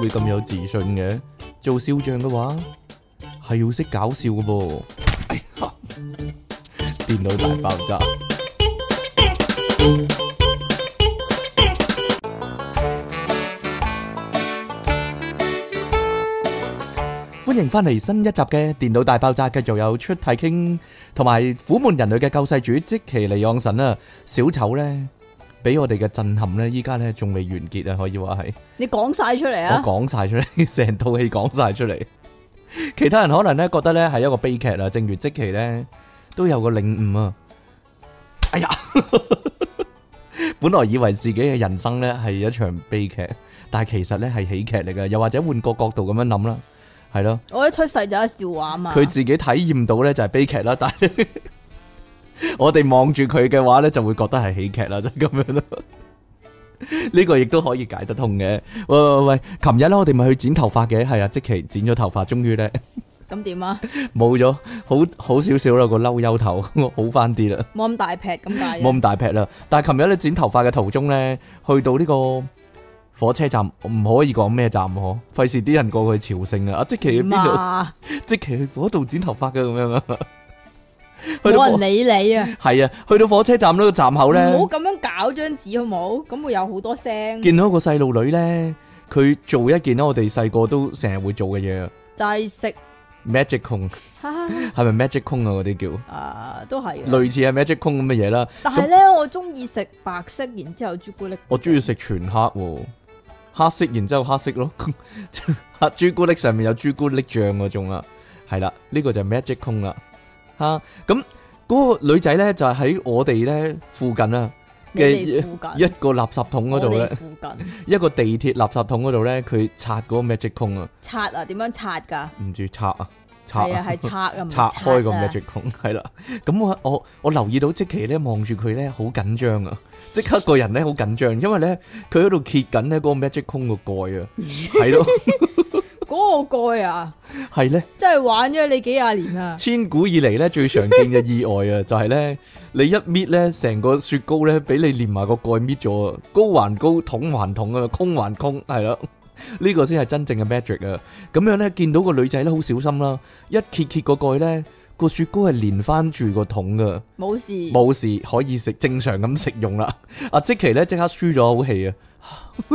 會咁有自信嘅，做笑匠嘅話係要識搞笑嘅噃。電腦大爆炸！歡迎翻嚟新一集嘅《電腦大爆炸》，繼續有出體 king 同埋苦悶人類嘅救世主積淇離岸神啦，小丑咧。俾我哋嘅震撼咧，依家咧仲未完結啊，可以話係。你講晒出嚟啊！我講晒出嚟，成套戲講晒出嚟。 其他人可能咧覺得咧係一個悲劇啊，正如積淇咧都有個領悟啊。哎呀， 本來以為自己嘅人生咧係一場悲劇，但係其實咧係喜劇嚟噶。又或者換個角度咁樣諗啦，係咯、啊。我一出世就係笑話嘛。佢自己體驗到咧就係、是、悲劇啦，但係。我哋望住佢嘅話咧，就會覺得係喜劇啦，就咁樣咯。呢 個亦都可以解得通嘅。喂喂喂，琴日,咧我哋咪去剪頭髮嘅，係啊，積淇剪咗頭髮，終於咧，咁點啊？冇咗， 好好少少啦個嬲憂頭，好翻啲啦。冇咁大劈咁大，冇咁大劈啦。但係琴日咧剪頭髮嘅途中咧，去到呢個火車站，唔可以講咩站嗬？費事啲人過去朝聖啊！阿積淇去邊度？積淇去嗰度剪頭髮噶咁樣啊？ 冇人理你啊！係 啊，去到火車站嗰個站口咧，唔好咁樣搞張紙好唔好？咁會有好多聲。見到一個細路女咧，佢做一件我哋細個都成日會做嘅嘢，就係食 magic cone 係咪 magic cone 啊？嗰啲叫啊，都係、啊、類似係 magic cone 咁嘅嘢啦。但係咧，那我中意食白色，然之後朱古力。我中意食全黑、哦，黑色，然之後黑色咯，黑朱古力上面有朱古力醬嗰種啊，係啦，呢、這個就係 magic cone 啦。嚇！咁嗰、啊嗰個女仔咧就係喺我哋咧附近啊嘅一個垃圾桶嗰度咧，附近一個地鐵垃圾桶嗰度咧，佢拆嗰個 magic 空啊！拆啊？點樣拆㗎？唔住，拆啊？拆啊，係拆啊！拆，拆，拆開個 magic 空，係啦。咁我我我留意到積淇咧望住佢咧好緊張啊！即 刻個人咧好緊張，因為咧佢喺度揭緊咧嗰個 magic 空個蓋啊，係咯。嗰個蓋啊，係咧呢，真係玩咗你幾廿年啊！千古以嚟咧最常見嘅意外啊， 就係咧你一搣咧，成個雪糕咧俾你連埋個蓋搣咗，高還高，桶還桶，桶 啊，空還空，係咯，呢個先係真正嘅 magic 啊！咁樣咧見到個女仔咧好小心啦，一揭揭個蓋咧。個雪糕係連翻住個桶噶，冇事，冇事，可以食，正常咁食用啦。阿、啊、積淇呢即刻輸咗好氣啊，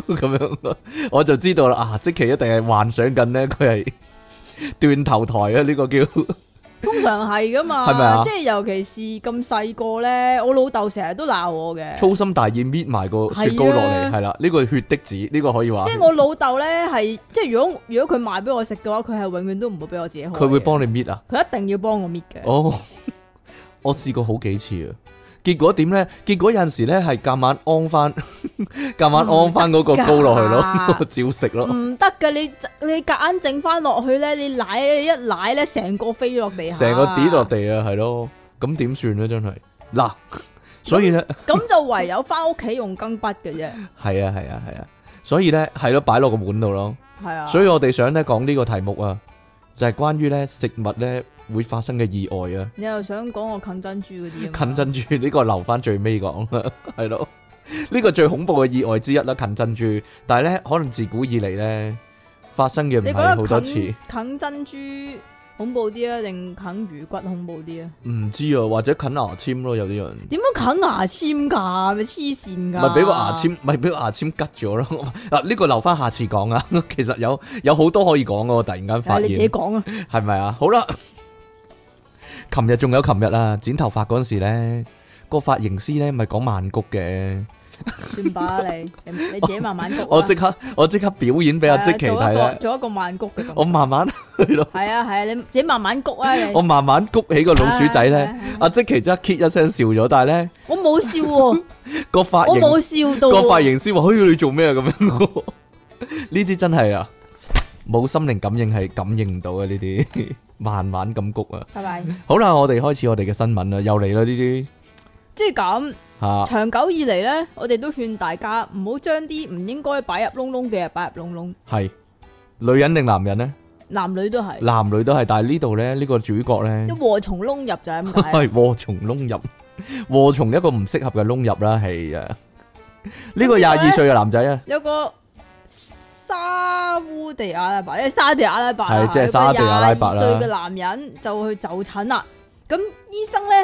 咁 樣我就知道啦。阿、啊、積淇一定係幻想緊呢，佢係斷頭台啊呢、這個叫。通常係噶嘛，係咪啊？即係尤其是咁細個咧，我老豆成日都鬧我嘅，粗心大意搣埋個雪糕落嚟。係啦、啊，呢個血滴子，呢個可以爸爸 話。即係我老豆咧係，即係如果如果佢賣俾我食嘅話，佢係永遠都唔會俾我自己。佢會幫你搣啊？佢一定要幫我搣嘅。哦，我試過好幾次啊。結果點咧？結果有陣時咧係夾晚安翻，夾晚安翻嗰個高落去咯，照食咯。唔得噶，你你夾硬整翻落去咧，你奶一奶咧，成個飛落地下，成個跌落地啊，係咯，咁點算咧？真係嗱，所以咧，咁就唯有翻屋企用羹筆嘅啫。係啊係啊係啊，所以咧係咯，擺落個碗度咯。係 啊，啊，啊，啊，啊，所以，呢、啊啊、所以我哋想咧講呢講個題目啊，就係、是、關於咧食物咧。會發生嘅意外啊！你又想講我啃珍珠嗰啲？啃珍珠呢個留翻最尾講，係 咯？呢個最恐怖嘅意外之一啦，啃珍珠。但係咧，可能自古以嚟咧，發生嘅唔係好多次。啃珍珠恐怖啲啊，定啃魚骨恐怖啲啊？唔知啊，或者啃牙簽咯，有啲人。點樣啃牙簽噶？咪黐線噶？咪俾個牙簽咪俾個牙簽拮咗咯？嗱，啊，呢個留翻下次講啊。其實有有好多可以講噶，我突然間發現。你自己講啊？係咪 啊？好啦。好琴日仲有琴日啊！剪頭髮嗰陣時咧，個髮型師咧咪講慢谷嘅，算吧你，你自己慢慢谷。我即刻，我即刻表演俾阿積淇睇啦，做一個慢谷嘅。我慢慢去咯。係啊，係啊，你自己慢慢谷啊你。我慢慢谷起個老鼠仔咧，阿積淇即刻 kit 一聲笑咗，但係咧，我冇笑喎。個髮型我冇笑到。個髮型師話：哎呀，你做咩咁樣？呢啲真係啊，冇心靈感應係感應唔到嘅呢啲。慢慢咁谷啊！拜拜。好啦，我哋開始我哋嘅新聞啦，又嚟啦呢啲。即係咁吓，長久以嚟咧，我哋都勸大家唔好將啲唔應該擺入窿窿嘅擺入窿窿。係女人定男人咧？男女都係。男女都係，但係呢度咧，呢個主角咧，禍從窿入就係禍從窿入，禍從一個唔適合嘅窿入啦，係啊，呢個廿二歲嘅男仔啊。有個。沙烏地阿拉伯，沙地阿拉伯，係即係沙地阿拉伯啦。歲嘅男人就會去就診啦。咁醫生咧，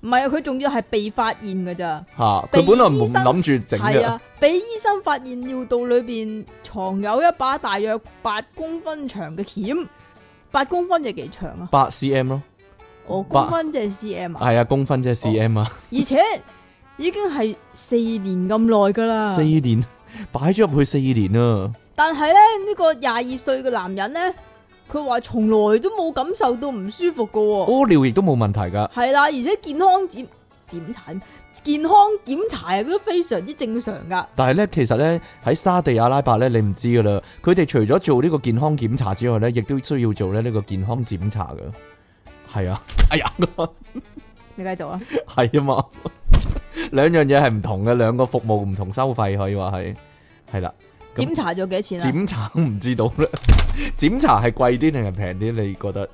唔係啊，佢仲要係被發現噶咋？吓哈，佢本來唔諗住整嘅。係啊，俾醫生發現尿道裏邊藏有一把大約八公分長嘅鉗。八公、啊啊哦、公分就幾長啊？八 C M 咯、哦，公分即係 C M 啊？係啊，公分即係 C M 啊？而且已經係四年咁耐噶啦。年四年擺咗入去四年啊。但係咧，呢、這個廿二歲嘅男人咧，佢話從來都冇感受到唔舒服噶。哦、屙、哦、尿亦都冇問題噶。係啦，而且健康檢檢查健康檢查啊都非常之正常噶。但係咧，其實咧喺沙地阿拉伯咧，你唔知噶啦。佢哋除咗做呢個健康檢查之外咧，亦都需要做咧呢個健康檢查噶。係啊，哎呀， 你繼續啊，係 啊嘛，兩 樣嘢係唔同嘅，兩個服務唔同收費，可以話係係啦。檢，查咗幾多錢啊？檢查唔知道啦。檢查係貴啲定係平啲？你覺得？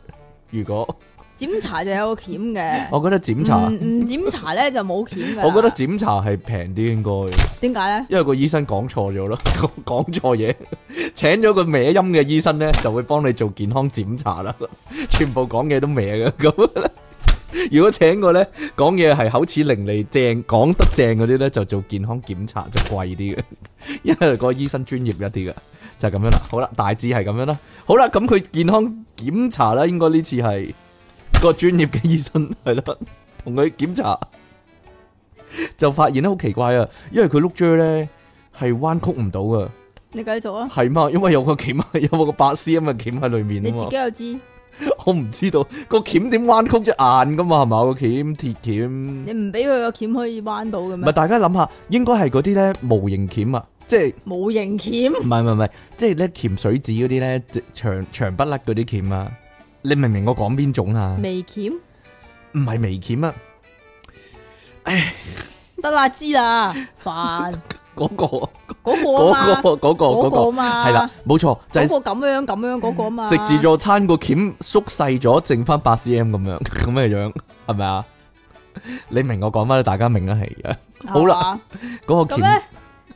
如果檢查就有個鉗嘅， 我覺得檢查唔、嗯、檢查咧就冇鉗嘅。我覺得檢查係平啲，應該點解咧？為呢因為個醫生講錯咗咯，講錯嘢，請咗個歪音嘅醫生咧，就會幫你做健康檢查啦。全部講嘢都歪嘅咁。如果請我咧，講嘢係口齒伶俐正，講得正嗰啲咧，就做健康檢查就貴啲嘅，因為個醫生專業一啲嘅，就係咁樣啦。好啦，大致係咁樣啦。好啦，咁佢健康檢查啦，應該呢次係個專業嘅醫生係咯，同佢檢查就發現咧好奇怪啊，因為佢碌蕉咧係彎曲唔到噶。你繼續啊，係嘛，因為有個鉗，有冇個白絲啊嘛，鉗喺裏面你自己又知。我唔知道個鉗點彎曲只眼噶嘛，係嘛個鉗鐵鉗？你唔俾佢個鉗可以彎到嘅咩？唔係，大家諗下，應該係嗰啲咧，模型鉗啊，即係模型鉗。唔係唔係唔係，即係咧鉗水紙嗰啲咧，長長不甩嗰啲鉗啊！你明唔明我講邊種啊？微鉗？唔係微鉗啊！唉，得啦，知啦，煩。嗰、那個嗰個嗰個嗰個嗰個嘛，係啦、那個，冇、那、錯、個，就係、是、個咁樣咁樣樣嗰嘛。食自助餐個鉗縮細咗，剩翻八 cm 咁樣，咁嘅樣係咪啊？你明我講乜？你大家明啦，係而 好啦，嗰、啊、個鉗。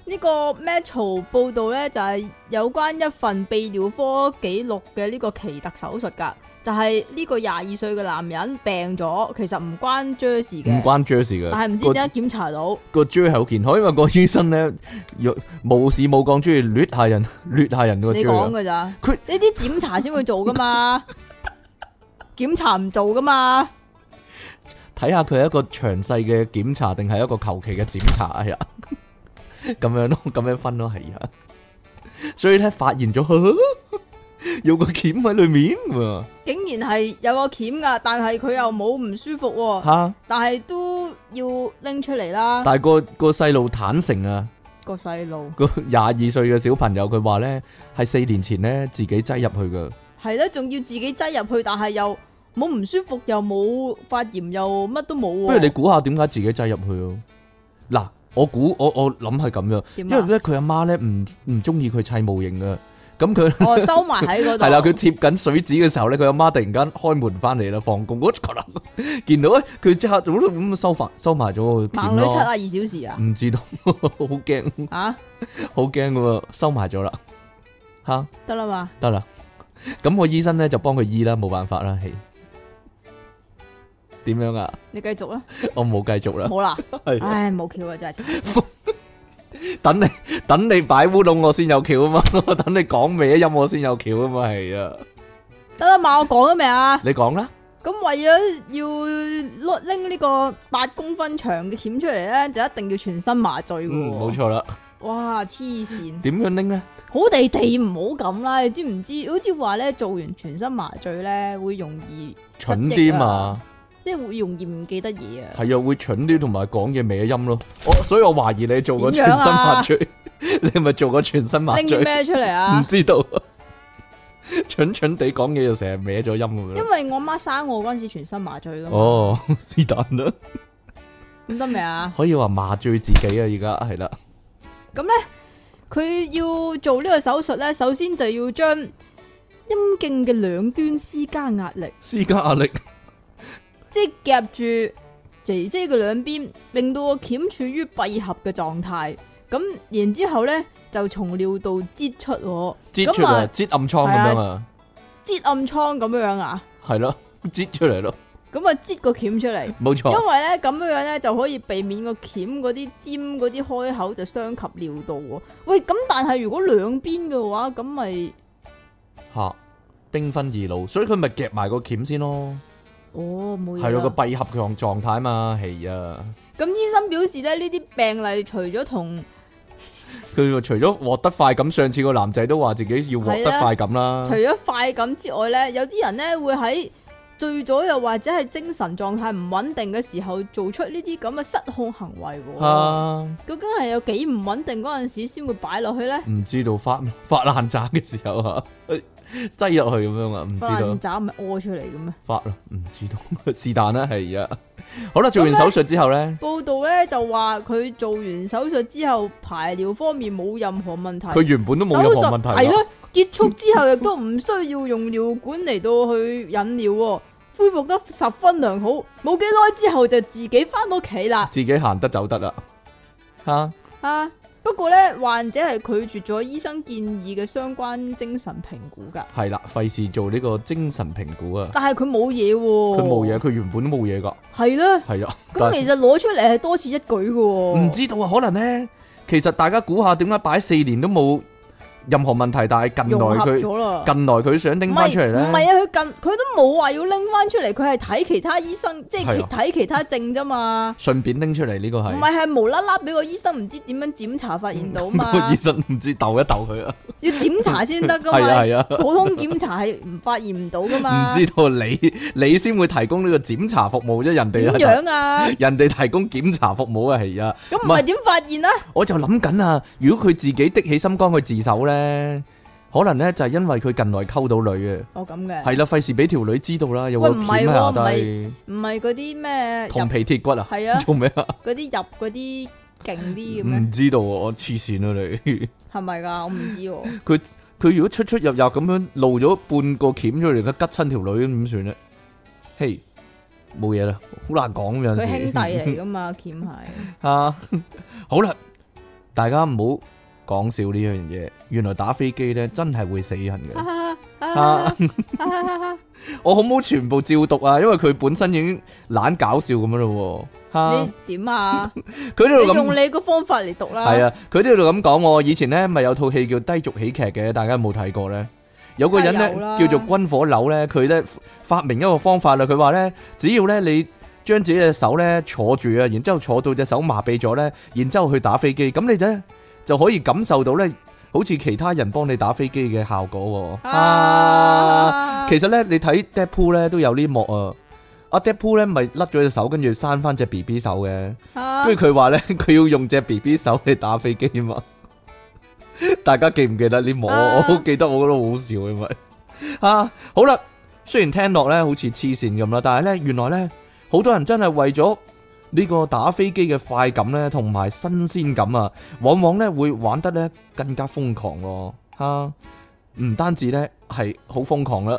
呢個 Metro 報道咧，就係、是、有關一份泌尿科記錄嘅呢個奇特手術㗎，就係、是、呢個廿二歲嘅男人病咗，其實唔關 Jer 嘅，唔關 Jer 嘅，但係唔知點解檢查到、個 J 好、er、健康，因為個醫生咧冇事冇講，中意虐下人，虐下人、er、你講㗎咋？佢呢啲檢查先會做噶嘛？ 檢查唔做噶嘛？睇下佢係一個詳細嘅檢查定係一個求其嘅檢查啊！呀～ 咁樣咯，咁樣分咯，係啊。所以咧，發現咗，呵呵，有個鉗喺裏面。竟然係有個鉗噶，但係佢又冇唔舒服。吓哈，但係都要拎出嚟啦。但係個個細路坦誠啊，個細路個廿二歲嘅小朋友，佢話咧係四年前咧自己擠入去噶。係咧，仲要自己擠入去，但係又冇唔舒服，又冇發炎，又乜都冇、啊。不如你估下點解自己擠入去咯、啊？嗱。我估我我諗係咁樣，因為咧佢阿媽咧唔唔中意佢砌模型啊，咁佢哦收埋喺嗰度係啦，佢貼緊水紙嘅時候咧，佢阿媽突然間開門翻嚟啦，放工，見到誒，佢即刻咁收翻收埋咗。盲女七十二小時啊？唔知道，好 驚怕啊，好驚噶，收埋咗啦，吓得啦嘛，得啦， 咁個 醫生咧就幫佢醫啦，冇辦法啦。點樣啊？你繼續啦。我冇繼續啦。好啦，係唉，冇橋啊，真係等你等你擺烏龍我先有橋啊嘛！我等你講咩啊？有我先有橋啊嘛係啊！得啦嘛，我講咗未啊？你講啦。咁為咗要攞拎呢個八公分長嘅鉗出嚟咧，就一定要全身麻醉嘅。嗯，冇錯啦。哇，黐線！點樣拎咧？好地地唔好咁啦，你知唔知？好似話咧，做完全身麻醉咧，會容易蠢啲嘛？即係會容易唔記得嘢啊！係啊，會蠢啲同埋講嘢歪音咯。我、哦、所以我懷疑你做過全身麻醉， 你係咪做過全身麻醉？拎嘢出嚟啊！唔知道。 蠢蠢地，講嘢就成日歪咗音噶。因為我媽生我嗰陣時全身麻醉咯。哦，是但啦，咁得未啊？可以話麻醉自己啊！而家係啦。咁咧，佢要做呢個手術咧，首先就要將陰莖嘅兩端施加壓力，施加壓力。即係夾住姐姐嘅兩邊，令到個鉗處於閉合嘅狀態。咁然之後咧，就從尿道擠出我，擠出嚟，擠就暗瘡咁的樣啊？擠暗瘡咁樣樣啊？係咯，擠出嚟咯。咁啊錯，擠個鉗出嚟，冇錯。因為咧咁樣樣咧就可以避免個鉗嗰啲尖嗰啲開口就傷及尿道。喂，咁但係如果兩邊嘅話，咁咪吓兵分二路，所以佢咪夾埋個鉗先咯。哦，冇係咯個閉合嘅狀態嘛，係啊。咁醫生表示咧，呢啲病例除咗同佢話除咗獲得快感，上次個男仔都話自己要獲得快感啦。啊，除咗快感之外咧，有啲人咧會喺醉咗又或者係精神狀態唔穩定嘅時候，做出呢啲咁嘅失控行為。啊，究竟係有幾唔穩定嗰陣時先會擺落去咧？唔知道發發爛渣嘅時候啊。 擠落去咁樣啊？唔知道，爪唔係屙出嚟嘅咩？發咯，唔知道， 是但啦，係啊。好啦，做完手術之後咧，報道咧就話佢做完手術之後排尿方面冇任何問題。佢原本都冇任何問題。係咯，結束之後亦都唔需要用尿管嚟到去引尿， 恢復得十分良好。冇幾耐之後就自己翻到屋企啦，自己行得走得啦。啊啊！不過咧，患者係拒絕咗醫生建議嘅相關精神評估噶。係啦，費事做呢個精神評估啊！但係佢冇嘢喎。佢冇嘢，佢原本都冇嘢噶。係咯，係啊。咁其實攞出嚟，係多此一舉噶。唔知道啊，可能咧，其實大家估下點解擺四年都冇任何問題，但係近來佢近來佢想拎翻出嚟咧，唔係啊，佢近佢都冇話要拎翻出嚟，佢係睇其他醫生，即係睇其他症啫嘛。啊、順便拎出嚟呢、呢個係唔係係無啦啦俾個醫生唔知點樣檢查發現到嘛？嗯嗰個、醫生唔知逗一逗佢啊，要檢查先得噶嘛？係 啊，啊普通檢查係唔發現唔到噶嘛？唔 知道你你先會提供呢個檢查服務啫，人哋點、就是、樣啊？人哋提供檢查服務啊、就是，係啊，咁唔係點發現啊？我就諗緊啊，如果佢自己的起心肝去自首咧。咧可能咧就係因為佢近來溝到女嘅，哦，咁嘅係啦，費事俾條女知道啦，有個鉗啊，唔係唔係嗰啲咩銅皮鐵骨啊，係入啊，做咩啊？嗰啲入嗰啲勁啲咁。唔 知道我黐線啦你，係咪噶？我唔知。佢佢如果出出入入咁樣露咗半個鉗出嚟，佢拮親條女咁點算咧？嘿，冇嘢啦，好難講，有陣時兄弟嚟噶嘛，鉗係 啊，好啦， 大家唔好。講笑呢樣嘢，原來打飛機咧真係會死人嘅。 我好唔好全部照讀啊，因為佢本身已經懶搞笑咁 樣咯。 這這樣你點啊？佢喺度用你個方法嚟讀啦。係啊，佢喺度度咁講。我以前咧咪有套戲叫低俗喜劇嘅，大家有冇睇過咧？有個人咧叫做軍火佬咧，佢咧發明一個方法啦。佢話咧，只要咧你將自己隻手咧坐住啊，然之後坐到隻手麻痹咗咧，然之後去打飛機，咁你啫。就可以感受到咧，好似其他人幫你打飛機嘅效果。啊，啊，其實咧，你睇 Deadpool 咧都有呢幕啊，阿 Deadpool 咧咪甩咗隻手，跟住閂翻隻 BB 手嘅，跟住佢話咧，佢要用隻 BB 手嚟打飛機嘛。 大家記唔記得呢幕？啊、我好記得我覺得好好笑，因為啊，好啦，雖然聽落咧好似黐線咁啦，但係咧原來咧，好多人真係為咗。呢個打飛機嘅快感咧，同埋新鮮感啊，往往咧會玩得咧更加瘋狂咯，吓！唔單止咧係好瘋狂啦，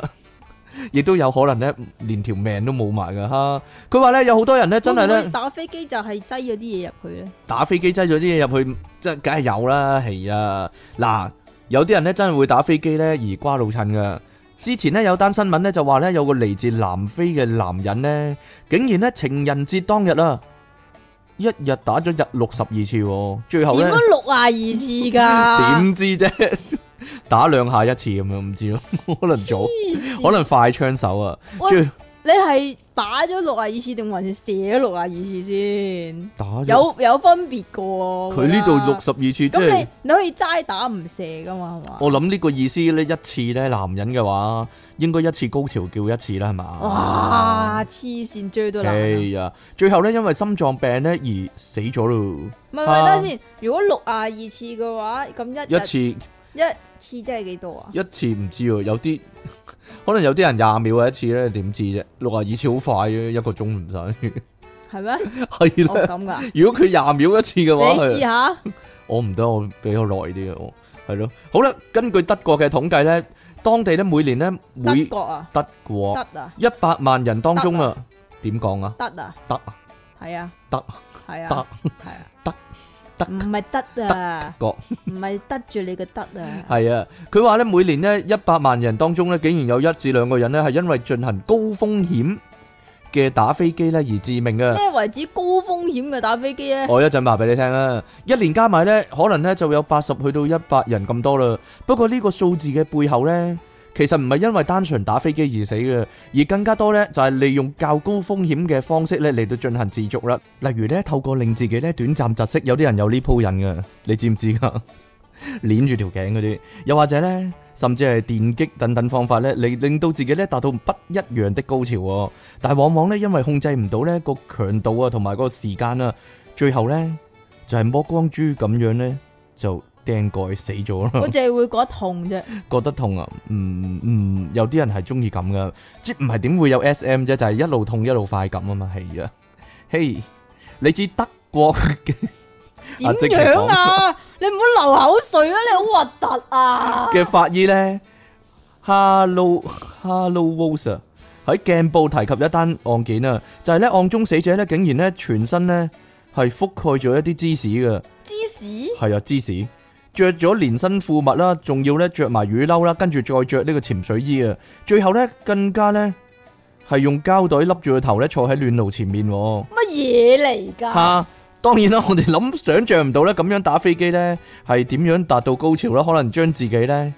亦都有可能咧連條命都冇埋噶吓。佢話咧有好多人咧真係咧打飛機就係擠咗啲嘢入去咧，打飛機擠咗啲嘢入去，即係梗係有啦，係啊！嗱，有啲人咧真係會打飛機咧而瓜老襯噶。之前咧有單新聞咧就話咧有個嚟自南非嘅男人咧，竟然咧情人節當日啦，一日打咗日六十二次，最後咧點解六廿二次噶？點知啫？打兩下一次咁樣唔知咯，可能早，可能快槍手啊！喂最後你係。打咗六啊二次定還是射咗六啊二次先？打了有有分別個。佢呢度六十二次即，咁你你可以齋打唔射噶嘛？係嘛？我諗呢個意思咧，一次咧，男人嘅話應該一次高潮叫一次啦，係嘛？哇！黐線追到，係啊，最，okay,、yeah. 最後咧，因為心臟病咧而死咗咯。唔係唔係，等下先。啊、如果六啊二次嘅話，咁一一次一次即係幾多啊？一次唔知，有啲。可能有啲人廿秒一次咧，點知啫？六廿二次好快嘅，一個鐘唔使係咩？係啦，咁噶？如果佢廿秒一次嘅話，你試下？我唔得，我比較耐啲嘅我係咯。好啦，根據德國嘅統計咧，當地咧每年咧每德國啊德國德啊一百萬人當中啊，點講啊？德啊德啊係啊德係啊德係啊德。唔係得啊，唔係得住你嘅得啊。係啊，佢話咧每年咧一百萬人當中咧，竟然有一至兩個人咧係因為進行高風險嘅打飛機咧而致命嘅。咩為之高風險嘅打飛機咧？我一陣話俾你聽啦，一年加埋咧，可能咧就有八十去到一百人咁多啦。不過呢個數字嘅背後咧。其實唔係因為單純打飛機而死嘅，而更加多呢，就係利用較高風險嘅方式呢，嚟到進行自瀆啦。例如呢，透過令自己呢短暫窒息，有啲人有呢鋪癮嘅，你知唔知噶？捻 住條頸嗰啲，又或者呢，甚至係電擊等等方法呢，嚟令到自己呢達到不一樣的高潮。但係往往呢，因為控制唔到呢個強度啊同埋個時間啊，最後呢，就係、是、剝光豬咁樣呢。就。驚鬼死咗咯！我淨係會覺得痛啫，覺得痛啊！嗯嗯，有啲人係中意咁噶，即係唔係點會有 SM 啫？就係一路痛一路快咁啊嘛，係啊！嘿，你知德國點樣啊？你唔好流口水啊！你好核突啊！嘅法醫咧，Hello Hello Walter 喺鏡報提及一單案件啊，就係咧案中死者咧竟然咧全身咧係覆蓋咗一啲芝士噶，芝士係啊芝士。着咗連身褲襪啦，仲要咧着埋雨褸啦，跟住再着呢個潛水衣啊，最後咧更加咧係用膠袋笠住個頭咧坐喺暖爐前面。乜嘢嚟噶？吓、啊，當然啦，我哋諗想象唔到咧，咁樣打飛機咧係點樣達到高潮咯？可能將自己咧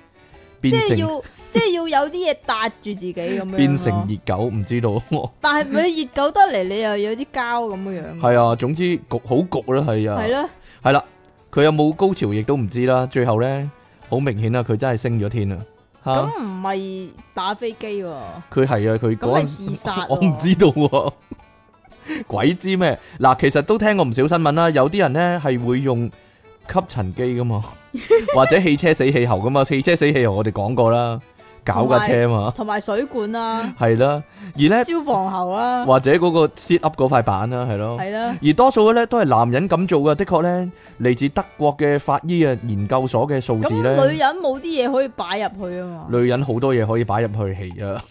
變成即係要， 即係要有啲嘢搭住自己咁樣。變成熱狗唔知道， 但係唔係熱狗得嚟，你又有啲膠咁嘅樣。係 啊，總之焗好焗、啊啊啊、啦，係啊，係咯，係啦。佢有冇高潮亦都唔知啦，最後呢好明顯啊，佢真係升咗天啊！咁唔係打飛機喎，佢係啊，佢嗰陣自殺，我唔知道，鬼知咩？嗱，其實都聽過唔少新聞啦，有啲人呢係會用吸塵機噶嘛，或者汽車死氣喉噶嘛，汽車死氣喉我哋講過啦。搞架車嘛，同埋水管啊，係啦，而咧消防喉啊，或者嗰個 set up 嗰塊板啊，係咯，係啦，而多數咧都係男人咁做噶，的確咧，嚟自德國嘅法醫嘅研究所嘅數字咧，女人冇啲嘢可以擺入去啊嘛，女人好多嘢可以擺入去，係啊。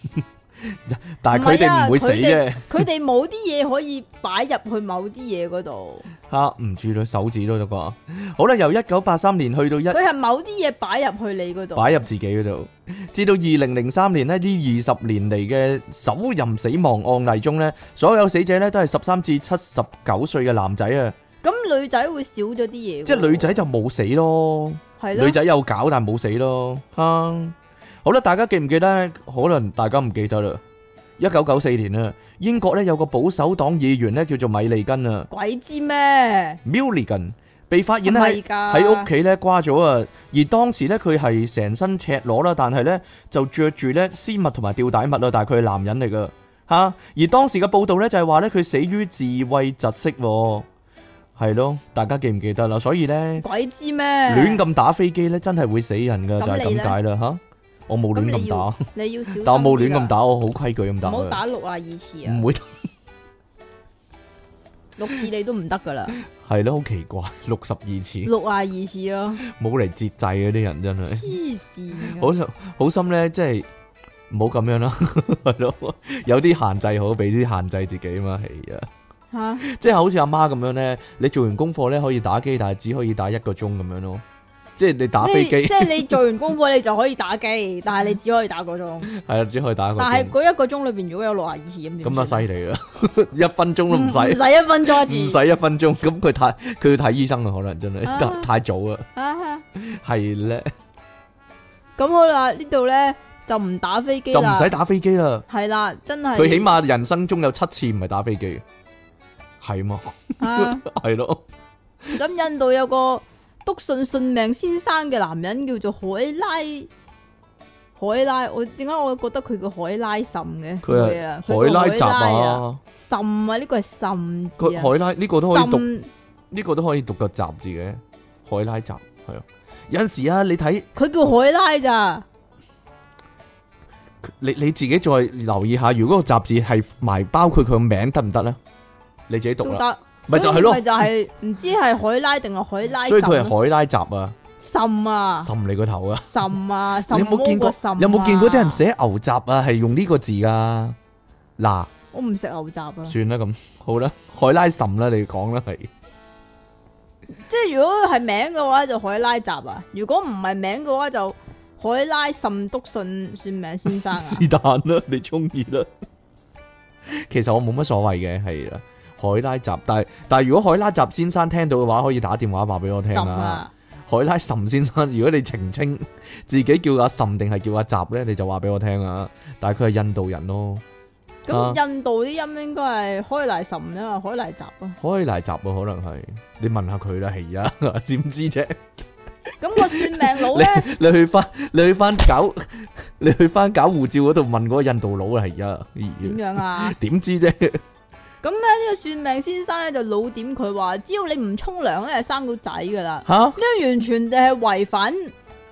但係佢哋唔會死嘅，佢哋冇啲嘢可以擺入去某啲嘢嗰度。吓，唔住咗手指都得啩。好啦，由一九八三年去到一，佢係某啲嘢擺入去你嗰度，擺入自己嗰度。至到二零零三年咧，呢二十年嚟嘅首任死亡案例中咧，所有死者咧都係十三至七十九歲嘅男仔啊。咁女仔會少咗啲嘢。即係女仔就冇死咯，係咯，女仔又搞但係冇死咯。啊。好啦，大家記唔記得？可能大家唔記得啦。一九九四年啦，英國咧有個保守黨議員咧叫做米利根啊。鬼知咩？Milligan 被發現喺喺屋企咧瓜咗啊。而當時咧佢係成身赤裸啦，但係咧就着住咧絲襪同埋吊帶襪咯。但係佢係男人嚟噶吓。而當時嘅報道咧就係話咧佢死於自慰窒息，係咯。大家記唔記得啦？所以咧鬼知咩？亂咁打飛機咧真係會死人噶，就係咁解啦吓。啊。我冇亂咁打你，你要小心啦。但我冇亂咁打，啊、我好規矩咁打佢。唔好打六啊二次啊。唔會打。 六次你都唔得噶啦。係咯，好奇怪，六十二次。六次啊二次咯。冇嚟節制嗰啲人真係。黐線、啊。好好心咧，即係唔好咁樣啦。係咯，有啲限制好，俾啲限制自己嘛。係啊。吓哈？即係好似阿媽咁樣咧，你做完功課咧可以打機，但係只可以打一個鐘咁樣咯。即係你打飛機，即係你做完功課你就可以打機，但係你只可以打個鐘。係啊，只可以打個鐘。但係嗰一個鐘裏邊如果有六十二次咁，咁啊犀利啊！一分鐘都唔使，唔使一分鐘，唔使一分鐘。咁佢太，佢要睇醫生啊，可能真係太早啦。係咧，咁好啦，呢度咧就唔打飛機，就唔使打飛機啦。係啦，真係。佢起碼人生中有七次唔係打飛機，係嘛？係咯。咁印度有個篤信信命先生嘅男人叫做海拉，海拉，我點解我覺得佢叫海拉岑嘅？佢係海拉集啊，岑啊，呢、這個係岑字佢、啊、海拉呢、這個都可以讀，呢臣個都可以讀個雜字嘅。海拉集係啊，有陣時啊，你睇佢叫海拉咋？你你自己再留意下，如果個雜字係埋包括佢個名得唔得咧？你自己讀啦。咪就係、是、咯，就係唔知係海拉定係海拉什，所以佢係海拉什啊，什啊，什你個頭啊，什啊，你有冇見過？啊啊、有冇見過啲人寫牛雜啊？係用呢個字㗎？嗱，我唔食牛雜啊，算啦咁，好啦，海拉什啦，啊，你講啦係，即係如果係名嘅話就海拉什啊，如果唔係名嘅話就海拉什篤信算命先生，啊，是但啦，你中意啦， 其實我冇乜所謂嘅，係啦。海拉集，但係但係如果海拉集先生聽到嘅話，可以打電話話俾我聽啦。啊、海拉什先生，如果你澄清自己叫阿什定係叫阿集咧，你就話俾我聽啊。但係佢係印度人咯。咁印度啲音應該係海拉什啊嘛，海拉集啊，海拉集啊，可能係你問下佢啦。係啊，點 知啫？咁個算命佬咧 ，你去翻你去翻搞，你去翻搞護照嗰度問嗰個印度佬啦。係啊，點樣啊？點 知啫？咁咧呢個算命先生咧就老點佢話，只要你唔沖涼咧，就生到仔噶啦。吓蛤，呢完全就係違反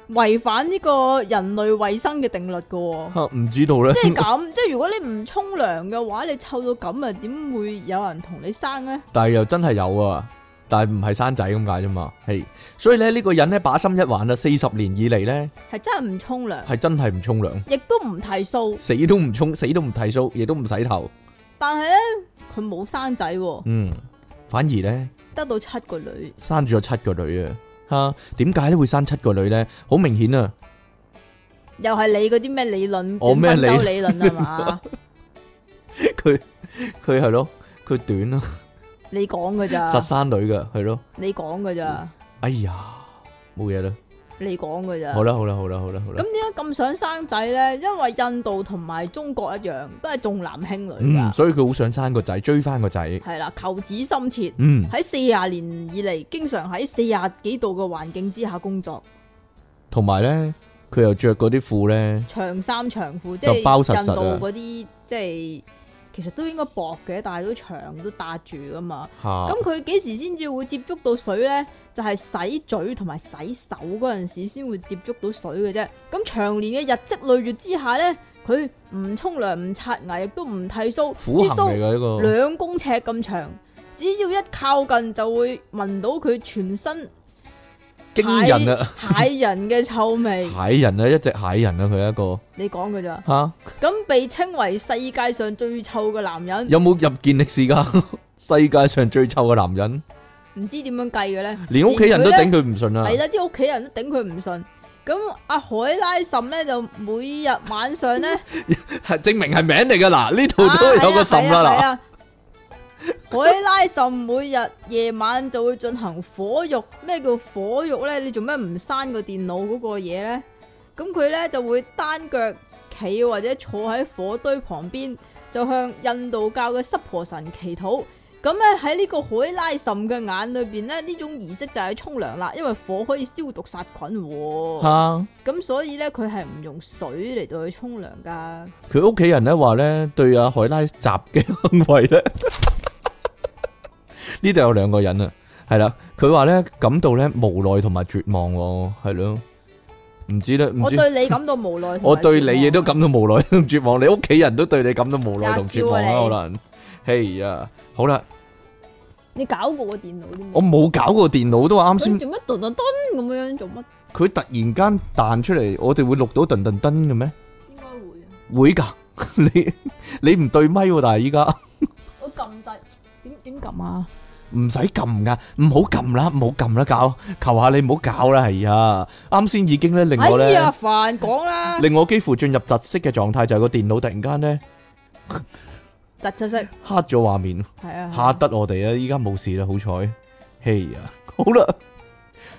違反呢個人類衛生嘅定律噶。吓，唔知道咧。 即係咁，即係如果你唔沖涼嘅話，你臭到咁啊，點會有人同你生咧？但係又真係有啊，但係唔係生仔咁解啫嘛。嘿、hey，所以咧呢個人咧把心一橫，啦，四十年以嚟咧係真係唔沖涼，係真係唔沖涼，亦都唔剃鬚，死都唔沖，死都唔剃鬚，亦都唔洗頭。但係咧。佢冇生仔喎，嗯，反而咧得到七個女，生住咗七個女啊，吓點解咧會生七個女咧？好明顯啊，又係你嗰啲咩理論？我咩理理論啊嘛？佢佢係咯，佢短咯，你講㗎咋？實生女㗎係咯，你講㗎咋？哎呀，冇嘢啦。你講嘅啫。好啦好啦好啦好啦好啦。咁點解咁想生仔呢？因為印度同埋中國一樣，都係重男輕女，嗯、所以佢好想生個仔，追翻個仔。係啦，求子心切。嗯。喺四廿年以嚟，經常喺四廿幾度嘅環境之下工作。同埋呢，佢又着嗰啲褲呢，長衫長褲，即係包實實。印度嗰啲即係其實都應該薄嘅，但係都長都搭住噶嘛。吓、啊。咁佢幾時先至會接觸到水呢？就係洗嘴同埋洗手嗰陣時先會接觸到水嘅啫。咁長年嘅日積累月之下咧，佢唔沖涼，唔刷牙亦都唔剃鬚，啲鬚兩公尺咁長，只要一靠近就會聞到佢全身驚人啊蟹 人嘅臭味，蟹人啊，一隻蟹人啊，佢一個，你講佢咋嚇？咁哈被稱為世界上最臭嘅男人， 有冇入健力士㗎？ 世界上最臭嘅男人。唔知點樣計嘅咧，連屋企人都頂佢唔順啊。係啦，啲屋企人都頂佢唔順。咁阿海拉什咧就每日晚上咧，係 證明係名嚟噶啦。呢度都有個神啦嗱。啊、 海拉什每日夜晚就會進行火浴。咩叫火浴咧？你做咩唔閂個電腦嗰個嘢咧？咁佢咧就會單腳企或者坐喺火堆旁邊，就向印度教嘅濕婆神祈禱。咁咧喺呢個海拉什嘅眼裏邊咧，呢種儀式就係沖涼啦，因為火可以消毒殺菌。吓，咁所以咧佢係唔用水嚟對佢沖涼噶。佢屋企人咧話咧，對阿海拉什嘅行為咧，呢度有兩個人啊，係啦，佢話咧感到咧無奈同埋絕望哦，係咯，唔知咧，我對你感到無奈，我對你亦都感到無奈絕望，你屋企人都對你感到無奈同絕望啦可能。係啊，好啦，你搞過個電腦啲？我冇搞過電腦，都話啱先做乜墩墩墩咁樣樣做乜？佢突然間彈出嚟，我哋會錄到墩墩墩嘅咩？應該會啊，會噶你你唔對咪，但係依家我撳掣，點點撳啊？唔使撳噶，唔好撳啦，唔好撳啦，搞求下你唔好搞啦。係啊，啱先已經咧令我咧煩講啦，令我幾乎進入窒息嘅狀態，就係個電腦突然間咧。窒出色，黑咗畫面，吓、啊、得我哋啊！依家冇事啦，好彩。嘿、hey, 呀，好啦，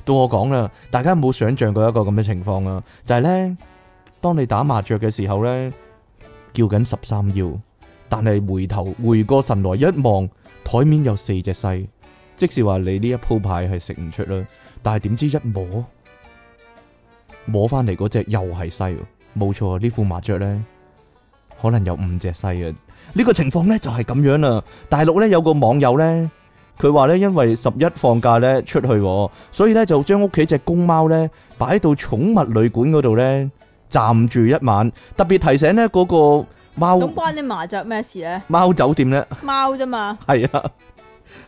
到我講啦，大家冇想象過一個咁嘅情況啊，就係、是、咧，當你打麻雀嘅時候咧，叫緊十三幺，但係回頭回過神來一望，台面有四隻西，即係話你呢一鋪牌係食唔出啦。但係點知一摸，摸翻嚟嗰隻又係西，冇錯，呢副麻雀咧，可能有五隻西啊！呢個情況咧就係咁樣啦，大陸咧有個網友咧，佢話咧因為十一放假咧出去，所以咧就將屋企隻公貓咧擺到寵物旅館嗰度咧暫住一晚，特別提醒咧嗰個貓，咁關你麻雀咩事咧？貓酒店咧？貓啫嘛，係啊，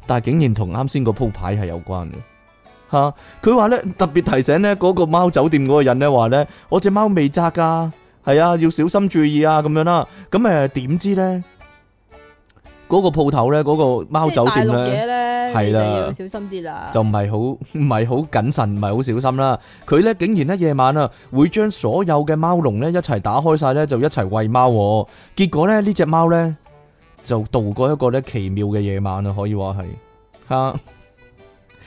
但係竟然同啱先個鋪牌係有關嘅，吓，佢話咧特別提醒咧嗰個貓酒店嗰個人咧話咧我隻貓未紮噶，係啊，要小心注意啊，咁樣啦，咁誒點知咧？嗰個鋪頭咧，嗰個貓酒店咧，係啦，小心啲啦，就唔係好唔係好謹慎，唔係好小心啦。佢咧竟然咧夜晚啊，會將所有嘅貓籠咧一齊打開晒咧，就一齊餵貓。結果咧呢隻貓咧就度過一個咧奇妙嘅夜晚啊，可以話係吓。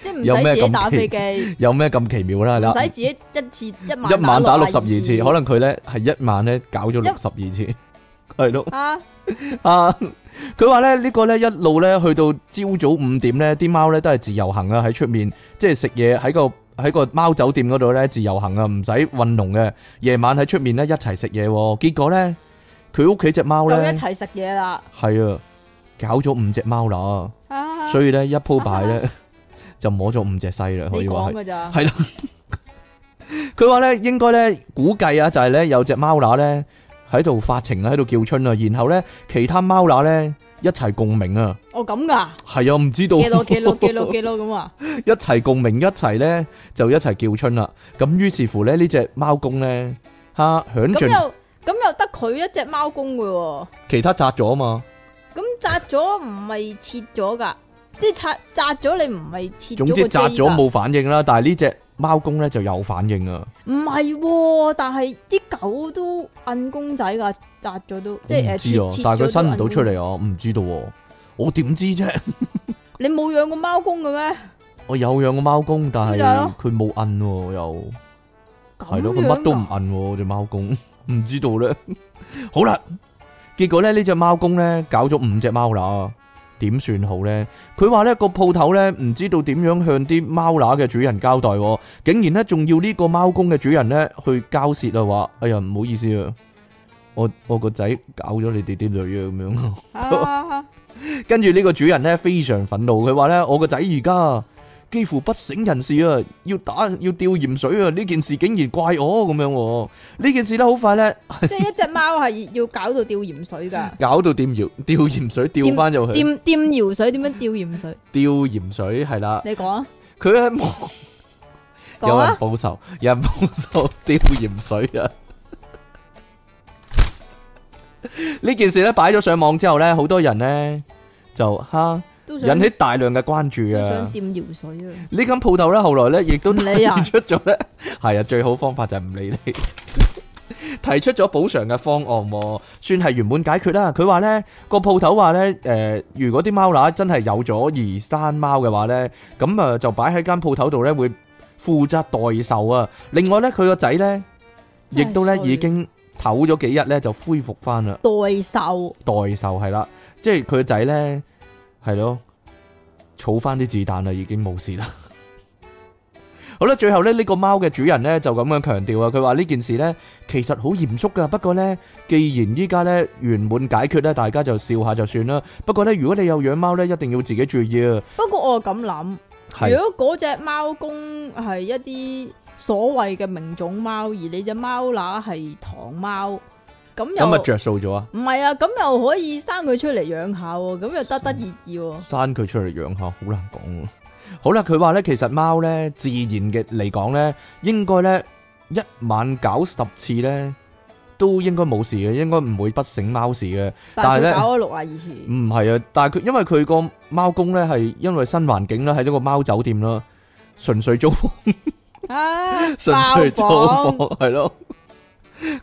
即係唔使自己打飛機，有咩咁奇妙啦？唔使自己一次一晚打六十二次，可能佢咧係一晚咧搞咗六十二次。係咯，啊，佢話咧呢個咧一路咧去到朝早五點咧，啲貓咧都係自由行啊，喺出面即係食嘢喺個喺個貓酒店嗰度咧自由行啊，唔使運動嘅。夜晚喺出面咧一齊食嘢，結果咧佢屋企隻貓咧就一齊食嘢啦，係啊，搞咗五隻貓乸，所以咧一鋪牌咧就摸咗五隻細啦，可以講係，係咯，佢話咧應該咧估計啊，就係咧有隻貓乸咧。喺度發情啊，喺度叫春啊，然後咧其他貓乸咧一齊共鳴啊！哦咁噶，係啊，唔知道記錄記錄記錄記錄咁啊！一齊共鳴，一齊咧就一齊叫春啦。咁於是乎咧，呢隻貓公咧，吓，響咗咁又咁又得佢一隻貓公嘅喎，其他紮咗啊嘛。咁紮咗唔係切咗噶， 即係拆紮咗你唔係切。總之紮咗冇反應啦， 但係呢隻。貓公咧就有反應啊！唔係，但係啲狗都摁公仔噶，紮咗都即係知，但係佢伸唔到出嚟啊！唔知道、啊，我點知啫、啊？ 你冇養過貓公嘅咩？我有養過貓公，但係佢冇摁，又係咯，佢乜、啊、都唔摁隻貓公，唔知道咧、啊。 好啦，結果咧呢隻貓公咧搞咗五隻貓乸。點算好呢？佢話呢個鋪頭呢，唔知道點樣向啲貓乸嘅主人交代，竟然呢仲要呢個貓公嘅主人呢去交涉啊！話哎呀唔好意思啊，我我個仔搞咗你哋啲女啊咁樣。 跟住呢個主人呢，非常憤怒，佢話呢：「我個仔而家。幾乎不省人事啊！要打要吊鹽水啊！呢件事竟然怪我咁樣？呢件事咧好快咧，即係一隻貓係要搞到吊鹽水噶，搞到掂鹽吊鹽水吊翻入去，掂掂鹽水點樣吊鹽水？吊鹽水係啦，你講啊！佢喺網有人報仇，有人報仇吊鹽水啊！呢件事咧擺咗上網之後咧，好多人咧就哈。引起大量嘅關注啊！想掂搖水啊！呢間鋪頭咧，後來咧亦都提出咗咧，係啊，最好方法就係唔理你，提出咗補償嘅方案，算係圓滿解決啦。佢話咧個鋪頭話咧，誒，如果啲貓乸真係有咗二三貓嘅話咧，咁啊就擺喺間鋪頭度咧會負責代售啊。另外咧，佢個仔咧亦都咧已經唞咗幾日咧就恢復翻啦。代售，代售係啦，即係佢個仔咧。係咯，儲翻啲子彈啦，已經冇事啦。 好啦，最後咧，呢個貓嘅主人呢，就咁樣強調啊，佢話呢件事呢，其實好嚴肅噶，不過呢，既然依家呢，圓滿解決呢，大家就笑下就算啦。不過呢，如果你有養貓呢，一定要自己注意啊。不過我咁諗，的如果嗰隻貓公係一啲所謂嘅名種貓，而你隻貓乸係唐貓。咁咁咪著數咗啊？唔係啊，咁又可以生佢出嚟養下喎，咁又得得意意喎。生佢出嚟養下，好難講喎。好啦，佢話咧，其實貓咧自然嘅嚟講咧，應該咧一晚搞十次咧都應該冇事嘅，應該唔會不省貓事嘅。但係咧搞咗六十二次。唔係啊，但係佢因為佢個貓公咧係因為新環境啦，喺一個貓酒店啦，純粹租房，純粹租房係咯。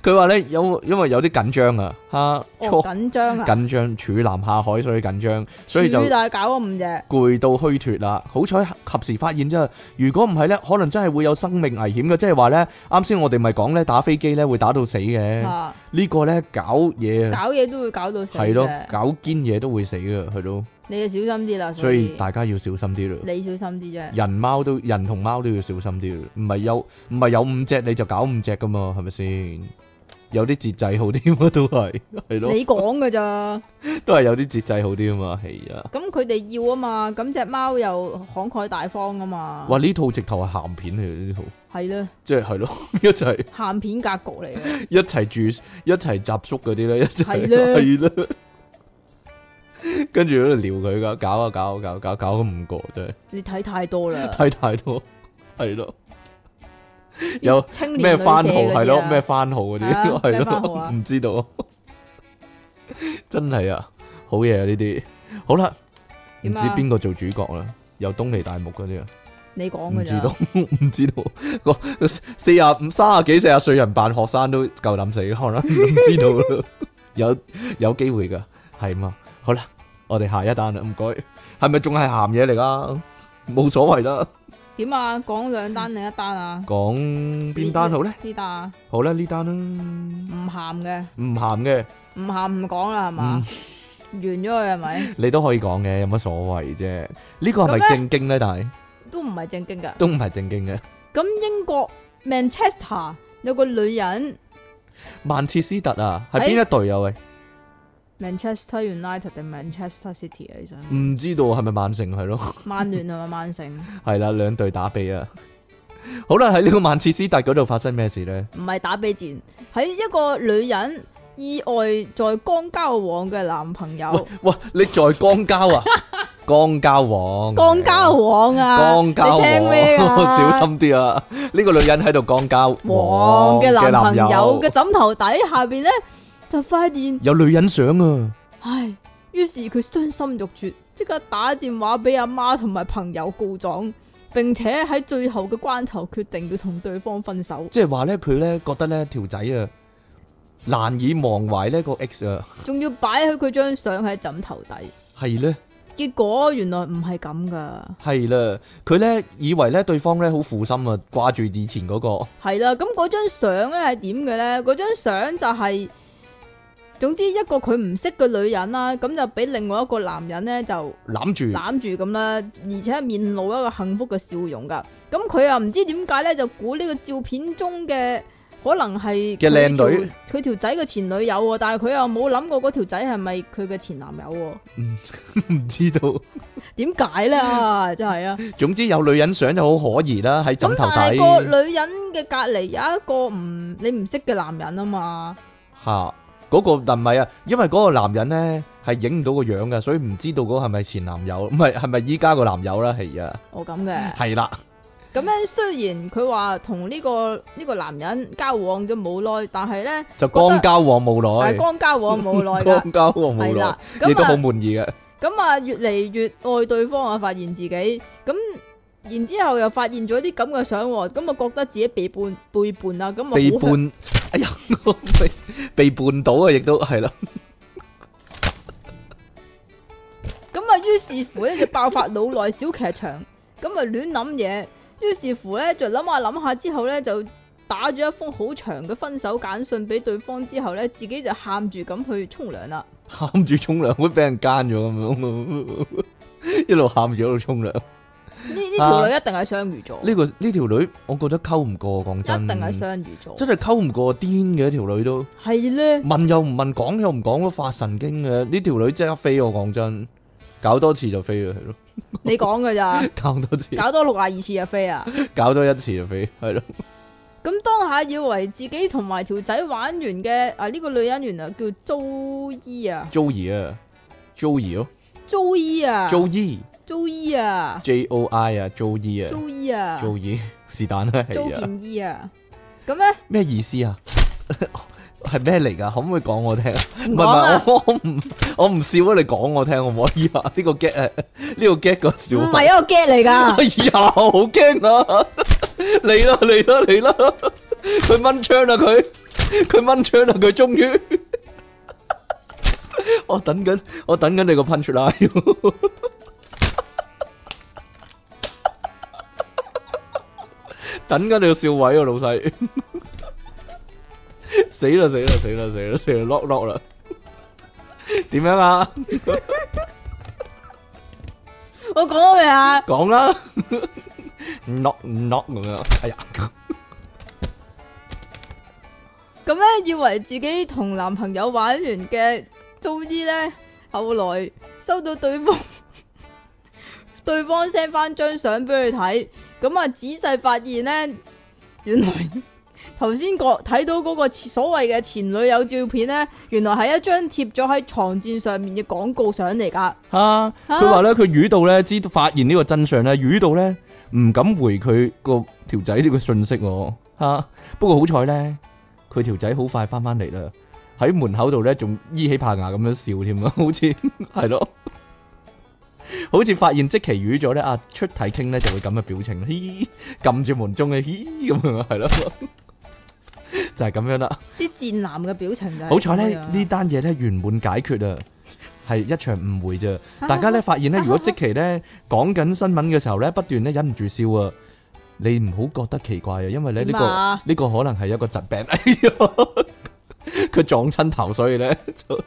佢話咧，有因為有啲緊張啊吓，緊張啊緊張，處男、哦啊、下海所以緊張，所以就大搞咗五隻，攰到虛脫啦。好彩及時發現，即係如果唔係咧，可能真係會有生命危險嘅。即係話咧，啱先我哋咪講咧打飛機咧會打到死嘅，啊、個呢個咧搞嘢，搞嘢都會搞到死，係咯，搞堅嘢都會死㗎，係咯。你要小心啲啦，所以，所以大家要小心啲咯。你小心啲啫，人貓都人同貓都要小心啲咯。唔係有唔係有五隻你就搞五隻噶嘛，係咪先？有啲節制好啲，都係係咯。你講㗎咋？都係有啲節制好啲啊嘛，係啊。咁佢哋要啊嘛，咁隻貓又慷慨大方啊嘛。哇！呢套直頭係鹹片嚟，呢套係咯，即係係咯，一齊鹹片格局嚟嘅，一齊住一齊集宿嗰啲咧，一齊係啦。的跟住喺度撩佢噶，搞啊搞啊搞啊搞搞咁唔過真係，你睇太多啦，睇 太多係咯，有咩番號係咯，咩、啊、了番號嗰啲係咯，唔知道， 真係啊，好嘢啊呢啲，好啦，唔、啊、知邊個做主角啦？有東尼大木嗰啲啊，你講嘅就唔知唔知道四十五、卅 幾知道、四十歲人扮學生都夠膽死，可能唔知道 有有機會噶係嘛？好啦，我哋下一單啦，唔該，係咪仲係鹹嘢嚟㗎？冇所謂啦。點啊？講兩單定一單啊？講邊單好咧？呢單啊？好啦，呢單啦。唔鹹嘅。唔鹹嘅。唔鹹唔講啦，係嘛？完咗佢係咪？你都可以講嘅，有乜所謂啫？呢個係咪正經咧？但係都唔係正經噶，都唔係正經嘅。咁英國 Manchester 有個女人，曼徹斯特啊，係邊一隊啊？喂？Manchester United 定 Manchester City 啊，其實唔知道係咪曼城係咯？曼聯係咪曼城係啦，兩隊打比啊！好啦，喺呢個曼徹斯特嗰度發生咩事咧？唔係打比戰，喺一個女人意外在剛交往嘅男朋友。哇！你在剛交啊？剛交往，剛交往啊！剛交往，小心啲啊！呢個女人喺度剛交往嘅男朋友嘅枕頭底下邊咧。就發現有女人相啊！唉，於是佢傷心欲絕，即刻打電話俾阿媽同埋朋友告狀，並且喺最後嘅關頭決定要同對方分手。即係話呢，佢呢覺得呢條仔啊難以忘懷呢個 X 啊，仲要擺喺佢張相喺枕頭底。係呢？結果原來唔係咁噶。係啦，佢呢以為呢對方呢好負心啊，掛住以前嗰個。係啦，咁嗰張相呢係點嘅呢？嗰張相就係。總之一個佢唔識嘅女人啦，咁就俾另外一個男人咧，就攬住攬住咁啦，而且面露一個幸福嘅笑容噶。咁佢又唔知點解咧，就估呢個照片中嘅可能係嘅靚女，佢條仔嘅前女友喎。但係佢又冇諗過嗰條仔係咪佢嘅前男友喎。唔、嗯、知道點解咧，就係、是、啊。 總之有女人相就好可疑啦，喺枕頭底。咁但係個女人嘅隔籬有一個唔你唔識嘅男人啊嘛。吓。 嗰、那個、但唔係啊，因為嗰個男人咧係影唔到個樣噶，所以唔知道嗰係咪前男友，唔係係咪依家個男友啦係啊，我咁嘅係啦，咁樣的 雖然佢話同呢個呢、這個男人交往咗冇耐，但係咧就剛交往冇耐， 耐，剛交往冇耐，剛交往冇耐，都好滿意嘅，咁、嗯、啊、嗯嗯嗯嗯、越嚟越愛對方啊，發現自己咁。嗯嗯然之後又發現咗啲咁嘅相，咁啊覺得自己被叛背叛啊，咁啊被叛，哎呀，我被被叛到啊，亦都係啦。咁啊， 於是乎咧就爆發腦內小劇場，咁啊亂諗嘢。於是乎咧就諗下諗下之後咧就打咗一封好長嘅分手簡訊俾對方之後咧，自己就喊住咁去沖涼啦。喊住沖涼會俾人奸咗咁樣， 一路喊住喺度沖涼。呢呢條女一定係雙魚座。呢個呢條女，我覺得溝唔過，講真。一定係雙魚座。真係溝唔過，癲嘅條女都。係咧，問又唔問，講又唔講，都發神經嘅呢條女即刻飛，我講真。搞多次就飛啦，係咯。你講噶咋？搞多次。搞多六廿二次就飛啊！搞多一次就飛係咯。咁當下以為自己同埋條仔玩完嘅，啊呢個女人原來叫 Joey 啊。Joey 啊，Joey 哦。Joey 啊，Joey。Joey 啊，J O I 啊，Joey 啊，Joey 啊，Joey 是但咧，係 Joey 啊，咁咧咩意思啊？係咩嚟噶？可唔可以講我聽？唔係我我唔我唔笑啊！你講我聽，可唔可以啊？呢個 get 誒，呢個 get 個笑，唔係啊，get 嚟噶。哎呀，好驚啊！嚟啦嚟啦嚟啦！佢掹槍啦佢，佢掹槍啦佢終於，我等緊我等緊你個噴出嚟。等緊你個笑位喎，老細，死啦死啦死啦死啦，成日 lock lock 啦，點樣啊？我講咗未啊？講啦，lock lock 咁樣，哎呀，咁咧以為自己同男朋友玩完嘅租衣咧，後來收到對方，對方 send 翻張相俾佢睇。咁啊！仔細發現咧，原來頭先個睇到嗰個所謂嘅前女友照片咧，原來係一張貼咗喺床墊上面嘅廣告相嚟噶。吓哈，佢話咧，佢瘀到咧，知道發現呢個真相咧，瘀到咧，唔敢回佢個條仔呢個信息喎。吓，不過好彩咧，佢條仔好快翻翻嚟啦，喺門口度咧仲依起棚牙咁樣笑添啊，好似係咯。好似發現積淇瘀咗咧，阿出體傾咧就會咁嘅表情，咦，撳住門鐘嘅，咦咁樣係咯，就係、是、咁樣啦。啲賤男嘅表情啊！好彩咧，呢單嘢咧圓滿解決啊，係一場誤會啫。大家咧發現咧，如果積淇咧講緊新聞嘅時候咧，不斷咧忍唔住笑啊，你唔好覺得奇怪啊，因為咧、這、呢個呢樣個可能係一個疾病啊，佢 撞親頭，所以咧就。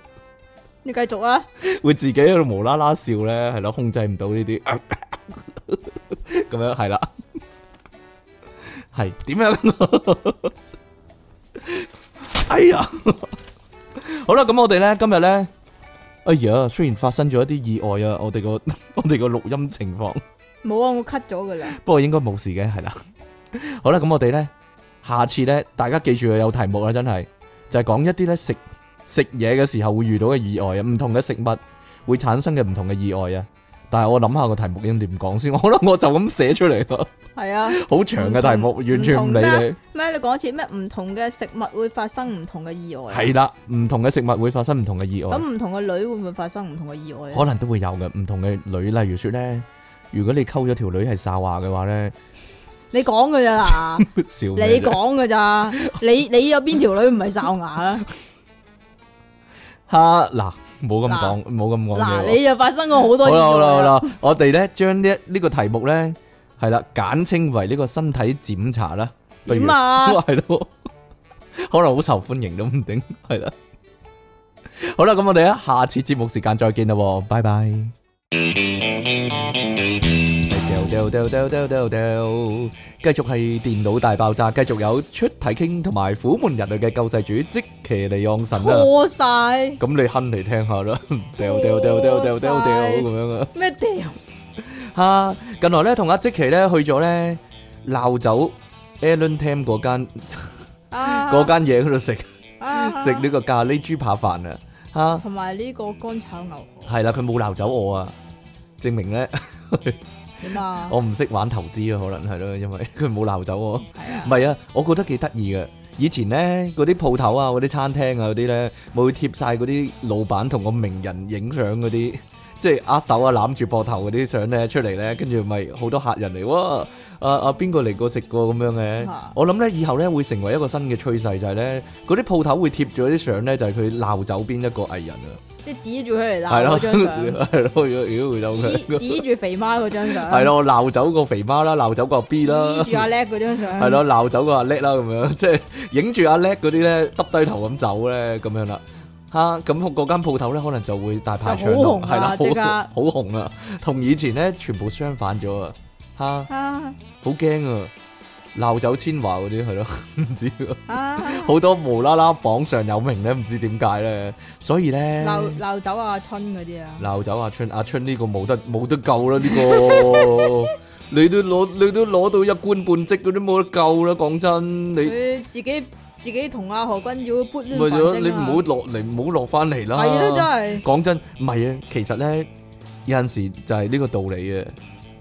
你繼續啊！會自己喺度無啦啦笑咧，係咯，控制唔到呢啲，咁樣係啦，係點樣？哎呀，好啦，咁我哋咧今日咧，哎呀，雖然發生咗一啲意外啊，我哋個我哋個錄音情況，冇啊，我 cut 咗噶啦，不過應該冇事嘅，係啦。好啦，咁我哋咧，下次咧，大家記住有題目啦，真係就係講一啲咧食。食嘢嘅時候會遇到嘅意外啊，唔同嘅食物會產生嘅唔同嘅意外啊。但係我諗下個題目應點講先，我諗我就咁寫出嚟咯。係啊，好長嘅題目，同完全唔理你。咩？你講一次咩？唔同嘅食物會發生唔同嘅意外啊？係啦，唔同嘅食物會發生唔同嘅意外。咁唔同嘅女會唔會發生唔同嘅意外？可能都會有嘅，唔同嘅女，例如說咧，如果你溝咗條女係哨牙嘅話咧，你講嘅咋嗱？你講嘅咋？你你有邊條女唔係哨牙咧？ 哈嗱，冇咁講，冇咁講嘢。嗱，你又發生過好多。好啦好啦好啦，我哋咧將呢一呢個題目咧係啦，簡稱為呢個身體檢查啦。點啊？係咯，可能好受歡迎都唔定。係啦，好啦，咁我哋咧下次節目時間再見啦，拜拜。掉掉掉掉掉掉，繼續係電腦大爆炸，繼續有出體 king 同埋虎門人類嘅救世主積淇離岸神啦。咁你哼嚟聽下啦，掉掉掉掉掉掉掉咁樣啊。咩掉？吓，近來咧同阿積淇咧去咗咧鬧走 Alan Tam 嗰間嗰間嘢嗰度食食呢個咖喱豬扒飯啊！吓，同埋呢個乾炒牛。係啦，佢冇鬧走我啊，證明咧。我唔識玩投資啊，可能係咯，因為佢冇鬧走我。唔係的啊，我覺得幾得意嘅。以前呢，嗰啲鋪頭啊，嗰啲餐廳啊，嗰啲呢，咪會貼晒嗰啲老闆同個名人影相嗰啲，即係握手啊，攬住膊頭嗰啲相呢出嚟呢。跟住咪好多客人嚟。哇，阿阿邊個嚟過食過咁樣嘅？的我諗呢，以後呢，會成為一個新嘅趨勢，就係呢，嗰啲鋪頭會貼住啲相呢，就係佢鬧走邊一個藝人啊。即係指住佢嚟鬧嗰張相，係咯，妖就指指住肥媽嗰張相，係咯，鬧走個肥媽啦，鬧走個 B 啦，指住阿叻嗰張相，係咯，鬧走個阿叻啦，咁樣即係影住阿叻嗰啲咧，耷低頭咁走咧，咁樣啦，哈，咁嗰間鋪頭咧，可能就會大排長龍，係啦，即刻好紅啊，同以前咧全部相反咗啊，哈，好驚啊！鬧走千華嗰啲係咯，唔知好、啊啊、多無啦啦榜上有名咧，唔知點解咧，所以咧鬧鬧走阿春嗰啲啊，鬧走阿春阿春呢個冇得冇得救啦呢、這個 你，你都攞你都攞到一官半職嗰啲冇得救啦，講真你自己你自己同阿何君要 put 你唔好落嚟唔好落翻嚟啦，係啊真係，講真唔係啊，其實咧有陣時就係呢個道理啊。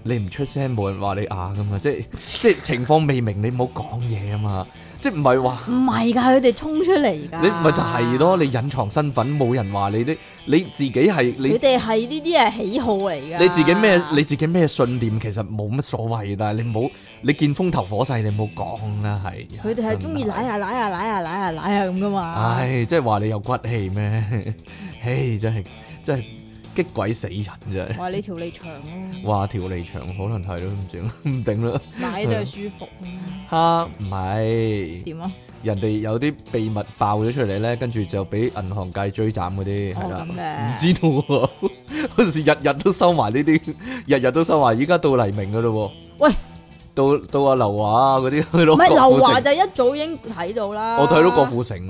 你唔出聲，冇人話你啊噶嘛，即係即係情況未明，你唔好講嘢啊嘛，即係唔係話，唔係㗎，佢哋衝出嚟㗎。你唔咪就係咯，你隱藏身份，冇人話你啲，你自己係，你哋係呢啲係喜好嚟㗎。你自己咩？你自己咩信念？其實冇乜所謂，但係你冇，你見風頭火勢，你冇講啦，係。佢哋係中意瀨下瀨下瀨下瀨下瀨下咁噶嘛？唉、哎，即係話你有骨氣咩？嘿、 hey，真係真係。激鬼死人真係！話你條脷長咯、啊，話條脷長可能係咯，唔整唔定啦。 定了買都係舒服。吓？唔係？點啊？啊啊人哋有啲秘密爆咗出嚟咧，跟住就俾銀行界追斬嗰啲，係啦、哦，唔的知道喎、啊。嗰 時日日都收埋呢啲，日日都收埋，依家到黎明噶咯喎。喂！到到阿劉華嗰啲，唔係劉華就一早已經睇到啦。我睇到郭富城，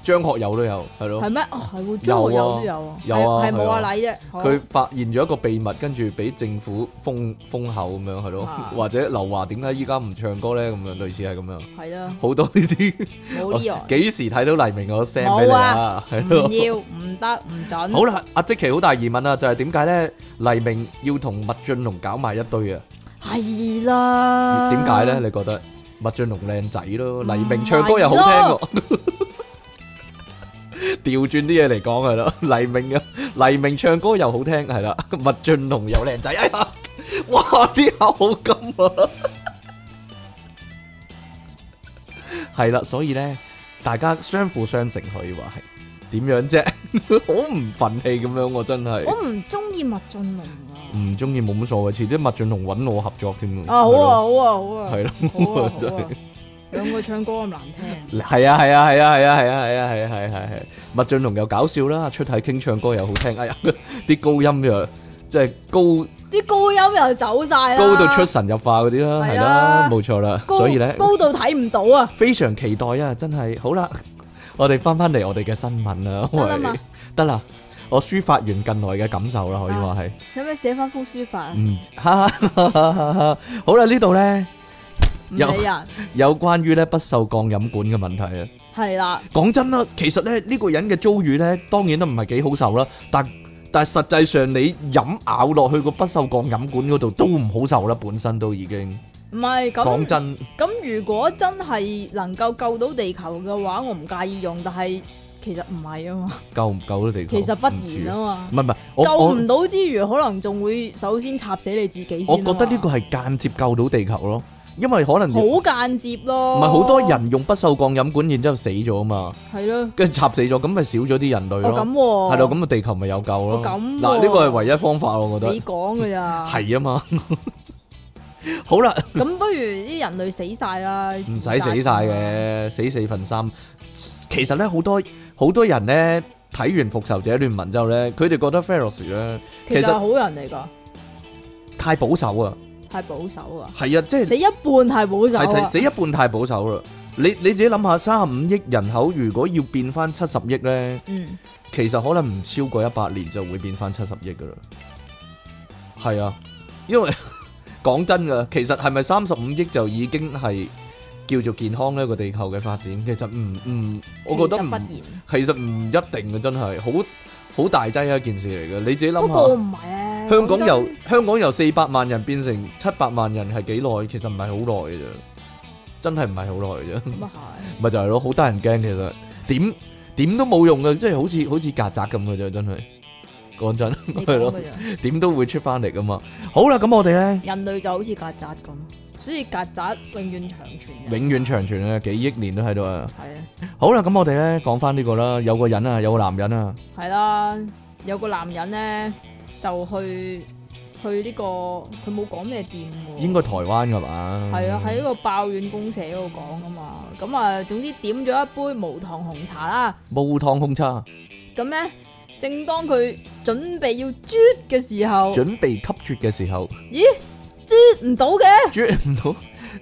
張學友都有，係咯。係咩？係喎，張學友都有。有啊，係冇阿禮啫。佢發現咗一個秘密，跟住俾政府封封口咁樣，係咯。或者劉華點解依家唔唱歌咧？咁樣類似係咁樣。係啊，好多呢啲。冇呢個。幾時睇到黎明我 send 俾你啊？唔要唔得唔準。好啦，阿積淇好大疑問啊，就係點解咧？黎明要同麥浚龍搞埋一堆啊？係啦，點解咧？你覺得麥浚龍靚仔咯？黎明唱歌又好聽喎，調轉啲嘢嚟講，係咯，黎明啊，黎明唱歌又好聽，係啦，麥浚龍又靚仔，哎呀，哇啲口好金啊，係啦，所以咧，大家相輔相成可以話係。點樣啫？好唔忿氣咁樣，我真係，我唔中意麥浚龍啊！唔中意冇乜所謂，遲啲麥浚龍搵我合作添啊！好啊，好啊，好啊！係咯，好啊！兩個唱歌咁難聽，係啊係啊係啊係啊係啊係啊係係係係麥浚龍又搞笑啦，出體 king 唱歌又好聽，哎呀啲高音又即係高，啲高音又走晒啦，高到出神入化嗰啲啦，係啦冇錯啦，所以咧高到睇唔到啊！非常期待啊！真係好啦。我哋翻翻嚟我哋嘅新聞啦，得啦，得啦，我抒發完近來嘅感受啦，可以話係、啊、有咩寫翻封書法啊？唔， 好啦，呢度咧有有關於咧不鏽鋼飲管嘅問題啊，係啦的，講真啦，其實咧呢、這個人嘅遭遇咧，當然都唔係幾好受啦，但但係實際上你飲咬落去個不鏽鋼飲管嗰度都唔好受啦，本身都已經。唔係，講真，咁如果真係能夠救到地球嘅話，我唔介意用。但係其實唔係啊嘛，救唔救到地球？其實不然啊嘛，唔係唔係，救唔到之餘，可能仲會首先插死你自己先。我覺得呢個係間接救到地球咯，因為可能好間接咯。唔係好多人用不銹鋼飲管，然之後死咗啊嘛，係咯，跟住插死咗，咁咪少咗啲人類咯，係咯，咁啊地球咪有救咯？嗱，呢個係唯一方法，我覺得。你講噶咋？係啊嘛。好啦，咁不如啲人類死晒啦，唔使死晒嘅，死四分三。其實咧，好多好多人咧睇完復仇者聯盟之後咧，佢哋覺得 Ferris 咧，其實，其實係好人嚟噶，太保守啊，太保守啊，係、就、啊、是，即係死一半太保守，啊就是、死一半太保守啦。你你自己諗下，三十五億人口如果要變翻七十億咧，嗯，其實可能唔超過一百年就會變翻七十億噶啦，係啊，因為。 講真噶，其實係咪三十五億就已經係叫做健康呢個地球嘅發展？其實唔唔，我覺得其實唔一定嘅，真係好好大劑一件事嚟嘅。你自己諗下，香港由香港由四百萬人變成七百萬人係幾耐？其實唔係好耐嘅啫，真係唔係好耐嘅啫。咁啊係，咪就係咯，好得人驚。其實點點都冇用嘅，即係好似好似曱甴咁嘅啫，真係。講真，係咯，點 都會出翻嚟噶嘛。好啦，咁我哋咧，人類就好似曱甴咁，所以曱甴永遠長存。永遠長存啊，幾億年都喺度啊。係啊的。好啦，咁我哋咧講翻呢個啦，有個人啊，有個男人啊，係啦，有個男人咧就去去呢、這個，佢冇講咩店喎，應該台灣噶嘛，係啊、嗯，喺一個抱怨公社度講噶嘛。咁啊，總之點咗一杯無糖紅茶啦。無糖紅茶。咁咧。正當佢準備要啜嘅時候，準備吸啜嘅時候，咦，啜唔到嘅，啜唔到，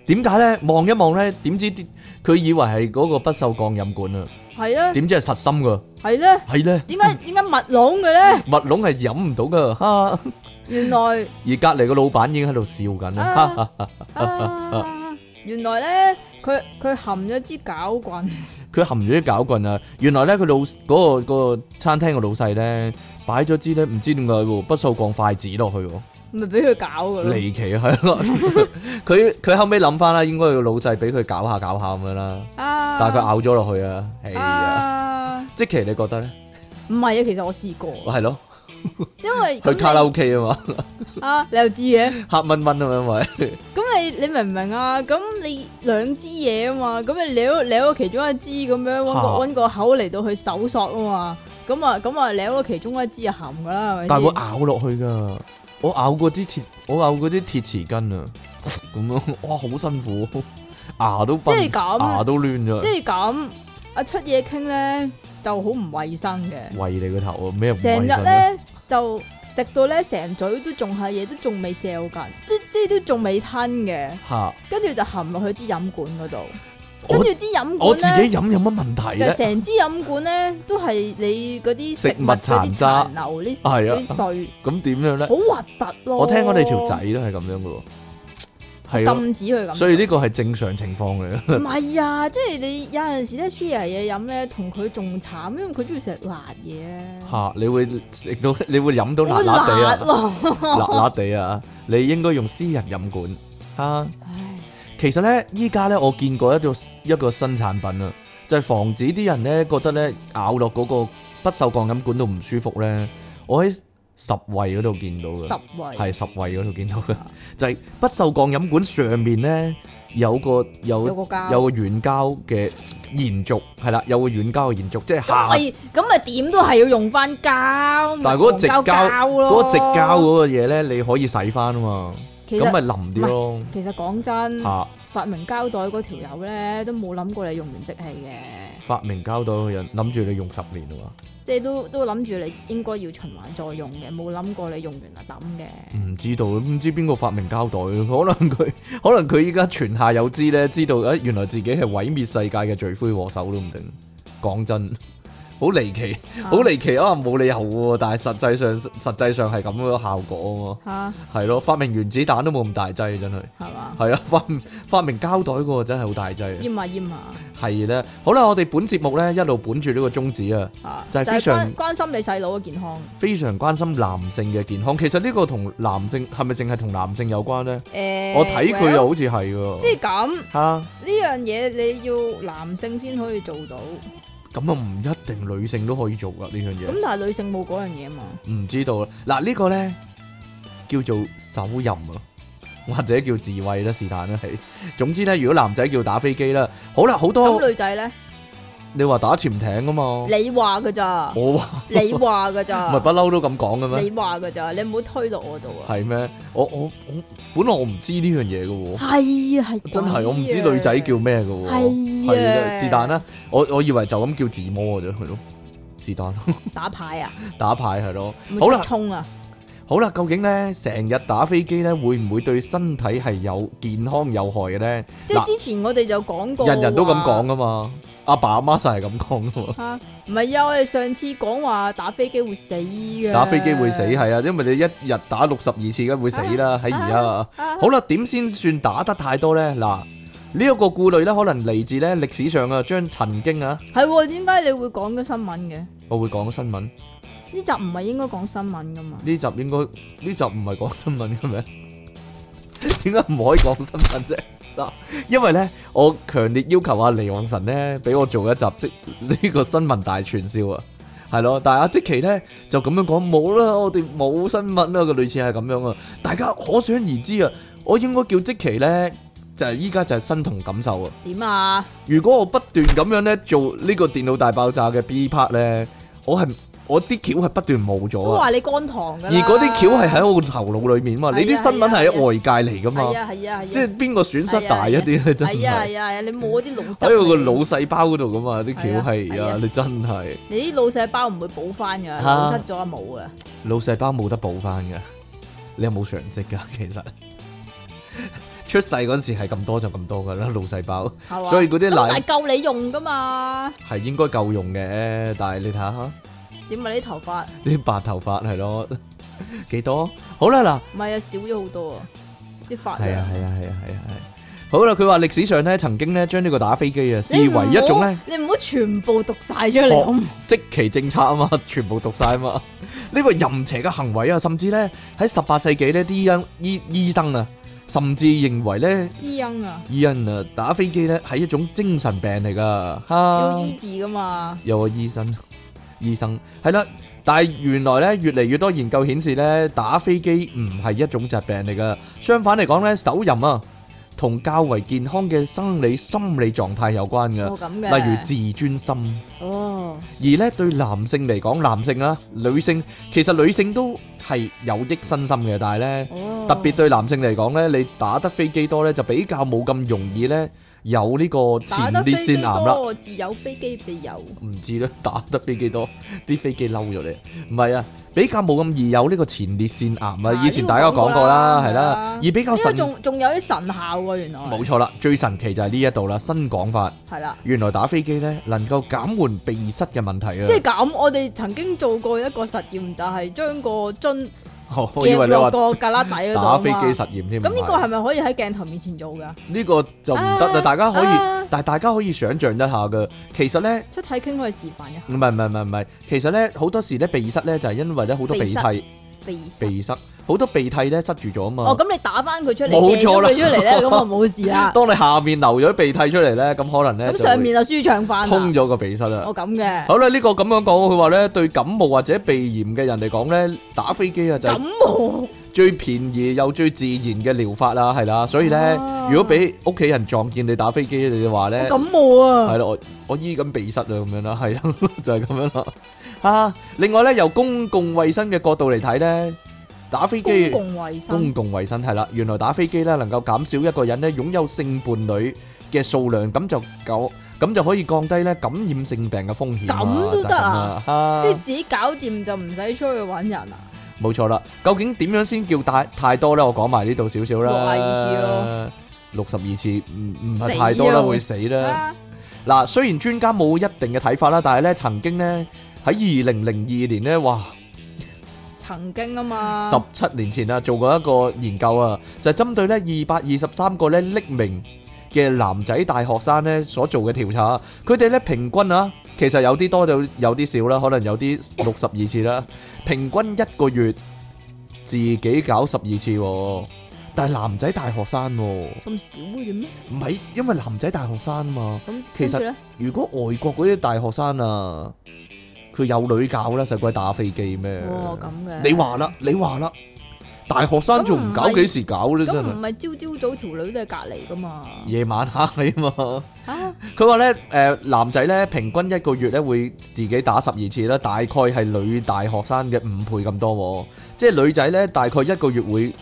點解咧？望一望咧，點知啲佢以為係嗰個不鏽鋼飲管啊？係啊，點知係實心噶？係咧，係咧，點解點解密籠嘅咧？密籠係飲唔到噶，哈，原來，而隔籬個老闆已經喺度笑緊啦，原來咧，佢佢含咗支攪棍。佢含住啲攪棍啊！原來咧佢老嗰個、嗰個餐廳個老細咧擺咗支咧唔知點解不鏽鋼筷子落去，咪俾佢搞噶咯？離奇係咯，佢佢 後尾諗翻啦，應該個老細俾佢搞下搞下咁樣啦，uh, 但係佢咬咗落去、uh, 啊！積淇你覺得咧？唔係啊，其實我試過，係咯、 OK，因為佢卡拉 OK 啊嘛，你 啊你又知嘅，客蚊問咁樣咪。你明唔明啊？咁你兩支嘢，啊嘛，咁你撩撩個其中一支咁樣，搵個，個口嚟到去搜索啊嘛，咁啊咁啊，撩個其中一支就鹹噶啦。但係會咬落去噶，我咬過啲鐵，我咬嗰啲鐵匙羹啊，咁樣，哇，好辛苦，牙都即係咁，牙都亂咗。即係咁，阿出嘢傾咧就好唔衛生嘅。衛你個頭啊，咩唔衛生咧？就食到咧，成嘴都仲係嘢，都仲未嚼緊，都即係都仲未吞嘅，跟住哈就含落去支飲管嗰度，跟住支飲管，我自己飲有乜問題咧？就成支飲管咧， 都係你嗰啲食物殘渣、流啲、啊、啲碎，咁點、啊、樣咧？好核突咯！我聽我哋條仔都係咁樣噶喎。禁止佢咁，所以呢個係正常情況嘅。唔係啊，即係你有陣時咧，share 嘢飲咧，同佢仲慘，因為佢中意食辣嘢。嚇！你會食到，你會飲到辣辣地啊！辣辣地啊！你應該用私人飲管嚇。唉，其實咧，依家咧，我見過一個一個新產品啊，就係防止啲人咧覺得咧咬落嗰個不鏽鋼飲管都唔舒服咧，我喺。十位嗰度見到嘅，係十位嗰度見到嘅，就係不鏽鋼飲管上面咧有個有有個膠有個軟膠嘅延續，係啦，有個軟膠嘅延續，即係下咁咪點都係要用翻膠，但係嗰直膠嗰直膠嗰個嘢咧，你可以洗翻啊嘛，咁咪腍啲咯。其實講真，發明膠袋嗰條友咧都冇諗過你用完即棄嘅。發明膠袋嘅人諗住你用十年啊嘛。即係都都諗住你應該要循環再用嘅，冇諗過你用完就抌嘅。唔知道，唔知邊個發明膠袋，可能佢可能佢依家泉下有知呢，知道誒、欸、原來自己係毀滅世界嘅罪魁禍首都唔定。講真。好離奇，好離奇啊！冇理由喎，但係實際上，實際上係咁嘅效果啊嘛，係咯，發明原子彈都冇咁大劑，真係係嘛？係啊，發發明膠袋嗰個真係好大劑。閹啊閹啊！係咧，好啦，我哋本節目咧一路本住呢個宗旨啊，就係非常關心你細佬嘅健康，非常關心男性嘅健康。其實呢個同男性係咪淨係同男性有關咧？誒，我睇佢又好似係喎，即係咁，呢樣嘢你要男性先可以做到。咁啊，唔一定女性都可以做噶呢樣嘢。咁但係女性冇嗰樣嘢啊嘛。唔知道啦，嗱、這個、呢個咧叫做手淫啊，或者叫自慰啦，是但啦係。總之咧，如果男仔叫打飛機啦，好啦，好多。咁女仔咧？你話打潛艇噶嘛？你話噶咋？我話你話噶咋？唔係不嬲都咁講嘅咩？你話噶咋？你唔好推落我度啊！係咩？我我我，本來我唔知呢樣嘢嘅喎。係啊係。真係我唔知女仔叫咩嘅喎。係啊。是但啦、啊，我、啊、我，我以為就咁叫自摸㗎就係咯，是但。 打牌啊！打牌係咯。有有啊、好啦，衝啊！好啦，究竟咧成日打飛機咧，會唔會對身體係有健康有害嘅咧？即係之前我哋就講過，人人都咁講噶嘛，阿爸阿媽曬係咁講嘅喎。嚇，唔係呀，我哋上次講話打飛機會死嘅。打飛機會死係啊，因為你一日打六十二次梗會死啦。喺而家啊，好啦，點先算打得太多咧？嗱，呢一個顧慮咧，可能嚟自咧歷史上嘅將曾經啊。係喎，點解你會講啲新聞嘅？我會講新聞。呢集唔係應該講新聞噶嘛？呢集應該呢集唔係講新聞嘅咩？點解唔可以講新聞啫？嗱， 因為咧，我強烈要求阿黎望臣咧，俾我做一集即呢個新聞大串燒啊，係 咯。但係阿積淇咧就咁樣講冇啦，我哋冇新聞啦，個類似係咁樣啊。大家可想而知啊，我應該叫積淇咧就係依家就係身同感受啊。點啊？如果我不斷咁樣咧做呢個電腦大爆炸嘅 B part 咧，我係。我啲橋係不斷冇咗啊！我話你乾塘噶，而嗰啲橋係喺我個頭腦裏面嘛，你啲新聞係外界嚟噶嘛，即係邊個損失大一啲咧？真係係啊係啊！你冇嗰啲腦，喺個腦細胞嗰度噶嘛啲橋係啊！你真係你啲腦細胞唔會補翻㗎，損失咗冇啦。腦細胞冇得補翻㗎，你有冇常識㗎？其實出世嗰時係咁多就咁多㗎啦，腦細胞，所以嗰啲奶夠你用㗎嘛，係應該夠用嘅，但係你睇下。點咪啲頭髮？啲白頭髮係咯，幾多？好啦，嗱，唔係啊，少咗好多啊，啲髮係啊係啊係啊係啊係。好啦，佢話歷史上咧，曾經咧將呢個打飛機啊，視為一種咧。你唔好全部讀晒出嚟咁。即其政策啊嘛，全部讀晒啊嘛。呢個淫邪嘅行為啊，甚至咧喺十八世紀咧，啲醫醫醫生啊，甚至認為咧，醫因啊，醫因啊，打飛機咧係一種精神病嚟噶。有醫治噶嘛？有個醫生。醫生係啦，但係原來咧越嚟越多研究顯示咧打飛機唔係一種疾病嚟㗎，相反嚟講咧手淫啊同較為健康嘅生理心理狀態有關嘅，例如自尊心。哦，而咧對男性嚟講，男性啊女性其實女性都係有益身心嘅，但係咧特別對男性嚟講咧，你打得飛機多咧就比較冇咁容易咧。有呢個前列腺癌啦，自有飛機鼻油，唔知咧，打得飛機多，啲飛機嬲咗你，唔係啊，比較冇咁易，有呢個前列腺癌啊，以前大家講過啦，係啦，而比較神，仲仲有啲神效喎，原來，冇錯啦，最神奇就係呢一度啦，新講法，係啦，原來打飛機咧能夠減緩鼻塞嘅問題啊，即係咁，我哋曾經做過一個實驗，就係將個樽。我以為你話個格拉底打飛機實驗添。咁呢個係咪可以喺鏡頭面前做噶？呢個就唔得喇！大家可以，啊、但大家可以想象一下噶。其實咧，出體 king 可以示範一下。唔係唔係唔係唔係，其實咧好多時咧鼻塞咧就係因為咧好多鼻涕、鼻鼻塞。鼻塞好多鼻涕咧塞住咗啊嘛！哦，咁你打翻佢出嚟，冇錯啦，出嚟咧，咁啊冇事啦。當你下面流咗鼻涕出嚟咧，咁可能咧，咁上面就舒暢翻，通咗個鼻塞啦。我咁嘅。好啦，呢個咁樣講，佢話咧，對感冒或者鼻炎嘅人嚟講咧，打飛機啊就感冒最便宜又最自然嘅療法啦，係啦。所以咧，如果俾屋企人撞見你打飛機，你就話咧感冒啊，係咯，我我醫緊鼻塞啊，咁樣啦，係咯，就係咁樣啦。吓，另外咧，由公共衛生嘅角度嚟睇咧。打飛機，公共衞生係啦。原來打飛機咧，能夠減少一個人咧擁有性伴侶嘅數量，咁就夠，咁就可以降低咧感染性病嘅風險。咁都得啊，即係自己搞掂就唔使出去搵人啊。冇錯啦。究竟點樣先叫太太多咧？我講埋呢度少少啦。六十二次咯，六十二次唔唔係太多啦，會死啦。嗱，雖然專家冇一定嘅睇法啦，但係咧曾經咧喺二零零二年咧，哇！17年前 à，做過一個研究 à, là 針對咧223個咧匿名嘅男仔大學生咧所做嘅調查，佢哋咧平均啊，其實有啲多到有啲少啦，可能有啲62次啦，平均一個月自己搞 12次，但係男仔大學生，咁少嘅啫咩？唔係，因為男仔大學生啊嘛，其實如果外國嗰啲大學生啊佢有女搞啦，使鬼打飛機咩？哇、哦，咁嘅！你話啦，你話啦，大學生仲唔搞，搞？幾時搞咧？真係唔係朝朝早條女都係隔籬噶嘛？夜晚黑啊嘛！啊，佢話咧，誒、呃，男仔咧平均一個月咧會自己打十二次啦，大概係女大學生嘅五倍咁多，即係女仔咧大概一個月會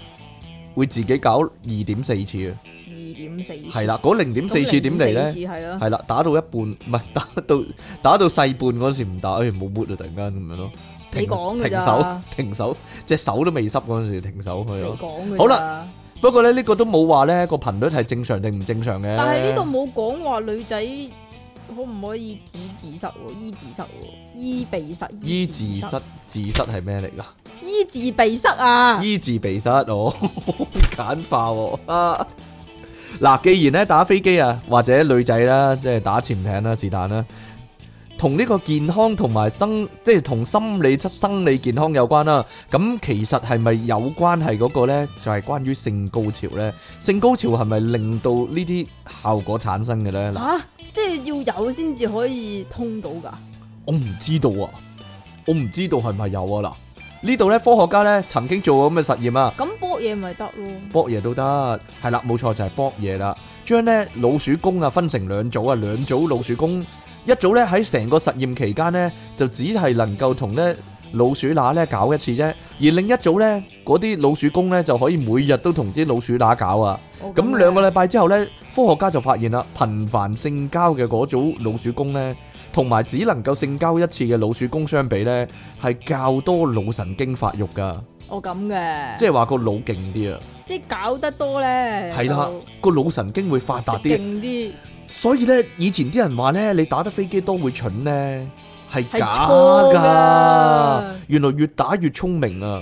會自己搞二點四次啊。五四次係啦，嗰零點四次點嚟咧？係啦，打到一半唔係打到打到細半嗰時唔打，哎冇 move 啊！突然間咁樣咯，停講噶，停手，停手，隻手都未濕嗰時停手佢咯。你講噶好啦，不過咧，呢個都冇話咧個頻率係正常定唔正常嘅。但係呢度冇講話女仔可唔可以止自失、醫自失、醫鼻塞、醫自失，自失係咩嚟噶？醫治鼻塞啊！醫治鼻塞哦，簡化喎啊！嗱、啊，既然咧打飛機啊，或者女仔啦、啊，即係打潛艇啦、啊，是但啦，同呢個健康同埋心，即係同心理生理健康有關啦、啊。咁、嗯、其實係咪有關係嗰個咧？就係、是、關於性高潮呢。性高潮係咪令到呢啲效果產生嘅呢？嚇、啊，即係要有先至可以通到噶。我唔知道啊，我唔知道係咪有啊嗱。啦。呢度咧，科學家咧曾經做過咁嘅實驗啊！咁搏嘢咪得咯？搏嘢都得，係啦，冇錯就係搏嘢啦。將咧老鼠公啊分成兩組啊，兩組老鼠公，一組咧喺成個實驗期間咧就只係能夠同咧老鼠乸咧搞一次啫，而另一組咧嗰啲老鼠公咧就可以每日都同啲老鼠乸搞啊。咁兩個禮拜之後咧，科學家就發現啦，頻繁性交嘅嗰組老鼠公咧。同埋只能夠性交一次嘅老鼠公相比呢，係較多腦神經發育噶。哦咁嘅，即係話個腦勁啲啊！即係搞得多呢？係啦個腦神經會發達啲，勁啲。所以呢，以前啲人話呢，你打得飛機多會蠢呢？係假噶。原來越打越聰明啊！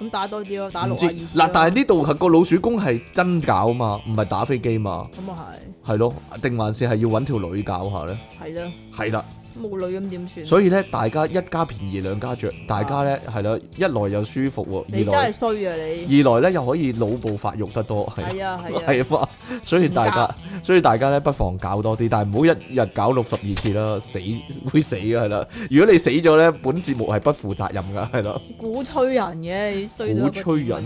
咁、嗯、打多啲咯，打六百二。嗱，但係呢度係個老鼠公係真搞啊嘛，唔係打飛機嘛。咁啊係。係咯，定還是係要搵條女搞下咧？係啦的。係啦。冇女咁點算？所以咧，大家一家便宜兩家着。大家咧係咯，一來又舒服喎，啊、二來，你真係衰啊你！二來咧又可以腦部發育得多，係啊係啊，係啊所以家大家，所以大家咧不妨搞多啲，但係唔好一日搞六十二次啦，死會死嘅係啦。如果你死咗咧，本節目係不負責任嘅係咯。鼓、啊、吹人嘅衰鼓吹人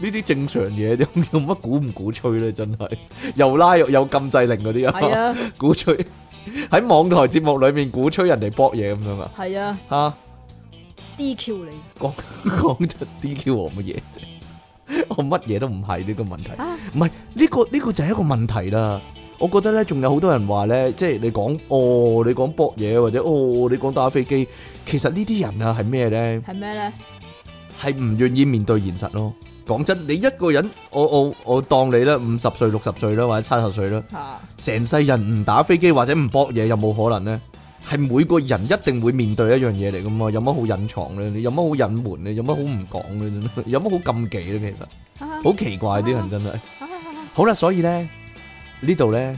呢啲你正常嘢， 有乜鼓唔鼓吹咧？真係又拉肉又禁制令嗰啲 啊，鼓 古吹。 喺網台節目裏面鼓吹人哋博嘢咁樣啊？係啊，吓 DQ 你講講出 DQ 我乜嘢啫？我乜嘢都唔係呢個問題，唔係呢個呢、呢個就係一個問題啦。我覺得咧，仲有好多人話咧，即係你講哦，你講博嘢或者哦，你講打飛機，其實呢啲人啊係咩咧？係咩咧？係唔願意面對現實咯。講真，你一個人，我我我當你咧五十歲、六十歲啦，或者七十歲啦，成世人唔打飛機或者唔搏嘢，有冇可能咧？係每個人一定會面對一樣嘢嚟噶嘛，有乜好隱藏咧？你有乜好隱瞞咧？有乜好唔講咧？有乜好禁忌咧？其實好奇怪啲人真係。好啦，所以咧呢度咧，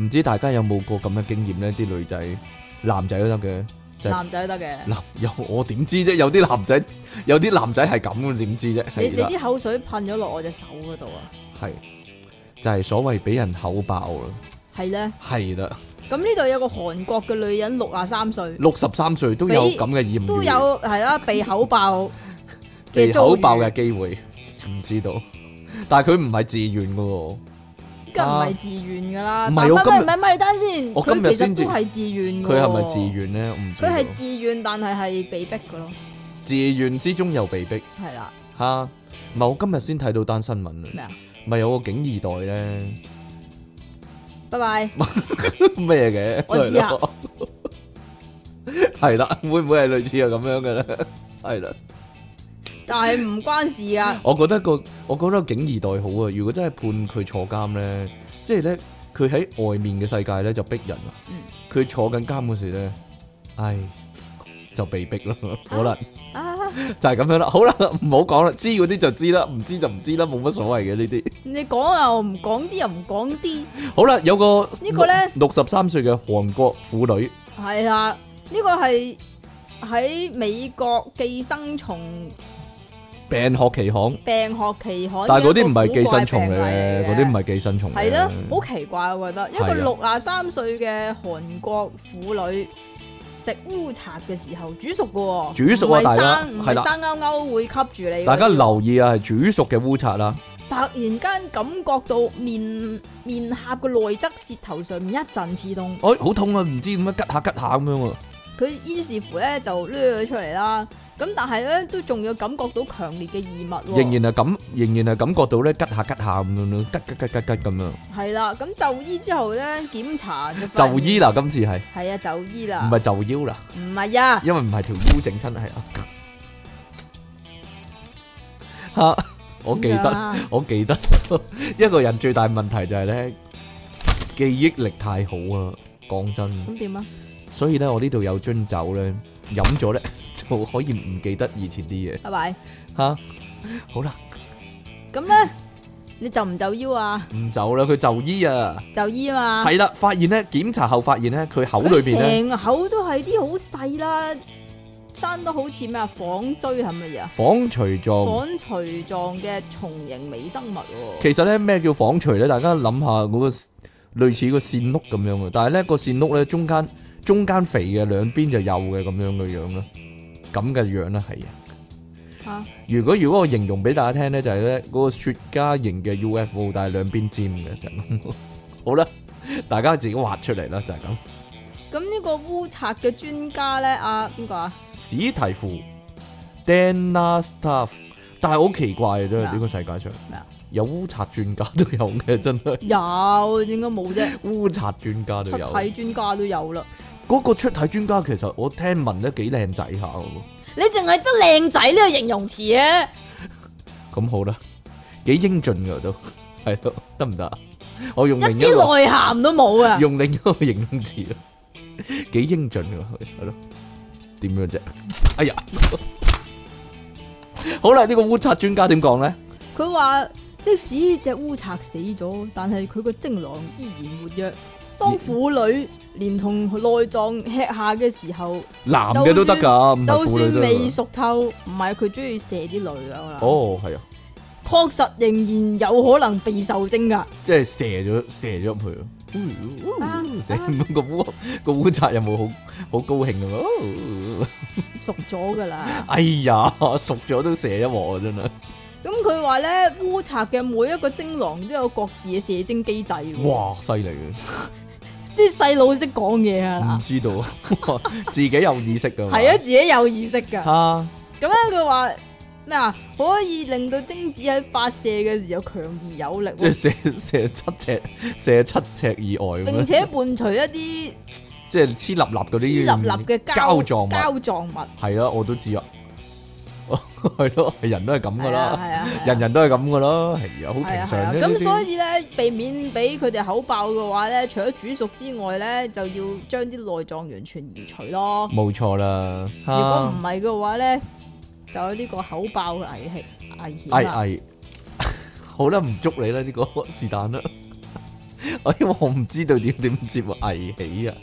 唔知大家有冇過咁嘅經驗咧？啲女仔、男仔都得嘅。就是、男仔得嘅，男有我點知啫？有啲男仔有啲男仔係咁嘅，點知啫？你啲的口水噴咗落我隻手嗰度啊！係就係、是、所謂俾人口爆啦，係咧的，係啦的。咁呢度有個韓國嘅女人六十三歲，六十三歲都有咁嘅驗，都有係啦，被口爆、 被口爆嘅機會，唔 知道，但係佢唔係自願嘅喎。梗唔係自願噶啦，唔係唔係唔係咪單先，佢其實都係自願。佢係咪自願咧？我唔知。佢係自願，但係係被逼噶咯。自願之中又被逼，係啦吓。唔係我今日先睇到單新聞啊，咩啊？咪有個警二代咧。拜拜。咩嘅？我知啊。係啦，會唔會係類似啊咁樣嘅咧？係啦。但係唔關事啊！ 我覺得個，我覺得警二代好啊。如果真係判佢坐監咧，即係咧，佢喺外面嘅世界咧就逼人啦。佢坐緊監嗰時咧，唉，就被逼啦。好啦，就係咁樣啦。好啦，唔好講啦，知嗰啲就知啦，唔知就唔知啦，冇乜所謂嘅呢啲。你講啊，唔講啲又唔講啲。好啦，有個呢個咧六十三歲嘅韓國婦女係啊，呢個係喺美國寄生蟲病學期刊，但係嗰啲唔係寄生蟲咧，嗰啲唔係寄生蟲。係咯，好奇怪，我覺得一個六十三歲嘅韓國婦女食烏賊嘅時候，煮熟嘅喎，唔係生，唔係生勾勾會吸住你。大家留意啊，係煮熟嘅烏賊啦。突然間感覺到面面頰嘅內側，舌頭上面一陣刺痛，哎，好痛啊！唔知點樣吉下吉下咁樣喎。佢於是乎咧就掠咗出嚟啦。咁但係咧，都仲要感覺到強烈嘅異物。仍然係感，仍然係感覺到咧，吉下吉下咁樣，吉吉吉吉吉咁樣。係啦，咁就醫之後咧，檢查就就醫啦。今次係係啊，就醫啦。唔係就腰啦。唔係啊，因為唔係條腰整親係啊。吓，我記得，我記得，一個人最大問題就係咧，記憶力太好啊。講真，咁點啊？所以咧，我呢度有樽酒咧，飲咗咧。可以唔記得以前啲嘢係咪嚇？好啦，咁咧你就唔就醫啊？唔走啦，佢就醫啊，就醫啊嘛。係啦，發現咧檢查後發現咧，佢口裏邊咧成口都係啲好細啦，生得好似咩紡錘係乜嘢啊？紡錘狀，紡錘狀嘅蟲形微生物。其實咧咩叫紡錘咧？大家諗下，我、嗰個類似個線、嗰個線轆咁樣嘅，但係咧個線轆咧中間中間肥嘅，兩邊就幼嘅咁樣嘅樣啦。咁嘅樣啦，係啊！如果如果我形容俾大家聽咧，就係咧嗰個雪茄型嘅 UFO，但係兩邊尖嘅就是、 好啦，大家自己畫出嚟啦，就係、是、咁。咁呢個烏賊嘅專家咧，啊，邊個啊？史提夫 s t e 但係好奇怪嘅，真係呢個世界上咩啊？麼有烏賊專家都有嘅，真係有，應該冇啫。烏賊專家都有，出體專家都有啦。嗰個出體專家其實我聽聞都幾靚仔下喎，你淨係得靚仔呢個形容詞啊？咁好啦，幾英俊噶都係咯，得唔得啊？我用另一啲內涵都冇啊，用另一個形容詞，幾英俊噶係咯？點樣啫？哎呀， 好啦，這個、烏賊專呢個烏賊專家點講咧？佢話即使隻烏賊死咗，但係佢個精囊依然活躍，當婦女。連同內臟吃下嘅時候，男嘅都得噶，就算，就算未熟透，唔係佢中意射啲女噶啦。哦，係啊，確實仍然有可能被受精噶，即係射咗射咗入去咯。射唔、啊、到個烏個烏賊有冇好好高興噶？啊、 熟咗噶啦！哎呀，熟咗都射一鑊啊！真係。咁佢話咧，烏賊嘅每一個精囊都有各自嘅射精機制。哇，犀利啊！即係細佬識講嘢啊，唔知道啊， 自己有意識噶，係啊，自己有意識噶。啊，咁樣佢話咩啊？可以令到精子喺發射嘅時候強而有力，即係射射七尺，射七尺以外，並且伴隨一啲即係黐立立嗰啲黐立立嘅膠狀膠狀物。係啊，我都知啊。係咯，係 人都係咁噶啦，啊啊、人人都係咁噶咯，係啊，好平常，啊。咁、啊啊、些所以咧，避免俾佢哋口爆嘅話咧，除咗煮熟之外咧，就要將啲內臟完全移除咯。冇錯啦，啊、如果唔係嘅話咧，就有呢個口爆嘅危險，危危啦。好啦，唔捉你啦，呢、呢個是但啦。 我因為我唔知道點點接危險啊。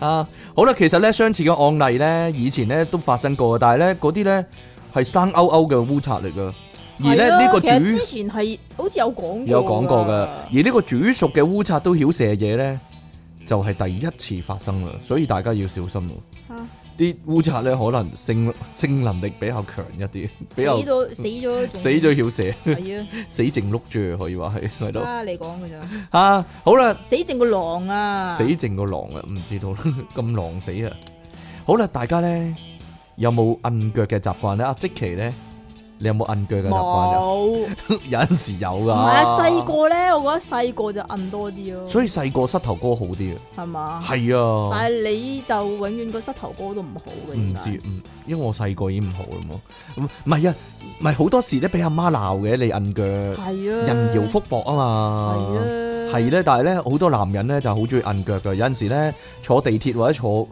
啊，好啦，其實咧相似嘅案例咧，以前咧都發生過，但係咧嗰啲咧。係生勾勾嘅烏賊嚟噶，而咧呢個煮，之前係好似有講有講過噶，而呢個煮熟嘅烏賊都曉射嘢咧，就係、是、第一次發生啦，所以大家要小心喎。啲烏賊咧可能性性能力比較強一啲，比較死咗死咗，死咗曉射。係 啊，死剩碌住可以話係，係咯。啊，你講噶咋？吓，好啦，死剩個狼啊！死剩個狼啊，唔知道咁狼死啊！好啦，大家咧。有冇摁腳嘅習慣咧？阿、啊、積淇咧，你有冇摁腳嘅習慣？沒 有，有陣時有噶。唔係啊，細個咧，我覺得細個就摁多啲咯。所以細個膝頭哥好啲吧是啊。係嘛？係啊。但係你就永遠個膝頭哥都唔好嘅。唔知，嗯，因為我細個已經唔好啦嘛。唔係啊，唔係好多時咧，俾阿媽鬧嘅，你摁腳。係啊。人搖福薄啊嘛。係啊。係咧，但係咧，好多男人咧就好中意摁腳㗎，有陣時咧坐地鐵或者坐。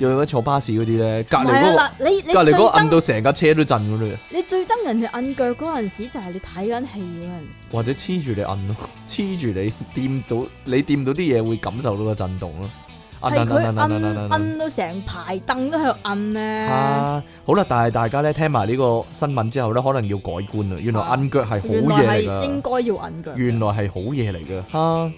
又有咩坐巴士嗰啲咧？隔籬嗰個，隔籬嗰個摁到成架車都震咁樣。你最憎人哋摁腳嗰陣時，就時，就係你睇緊戲嗰陣時。或者黐住你摁咯，黐住你掂到，你掂到啲嘢會感受到個震動咯。係到成排凳都喺度摁咧、啊。吓、啊，好啦，但係大家咧聽埋呢個新聞之後咧，可能要改觀啦。原來按腳係好嘢嚟噶，應該要按腳。原來係好嘢嚟嘅。吓、啊。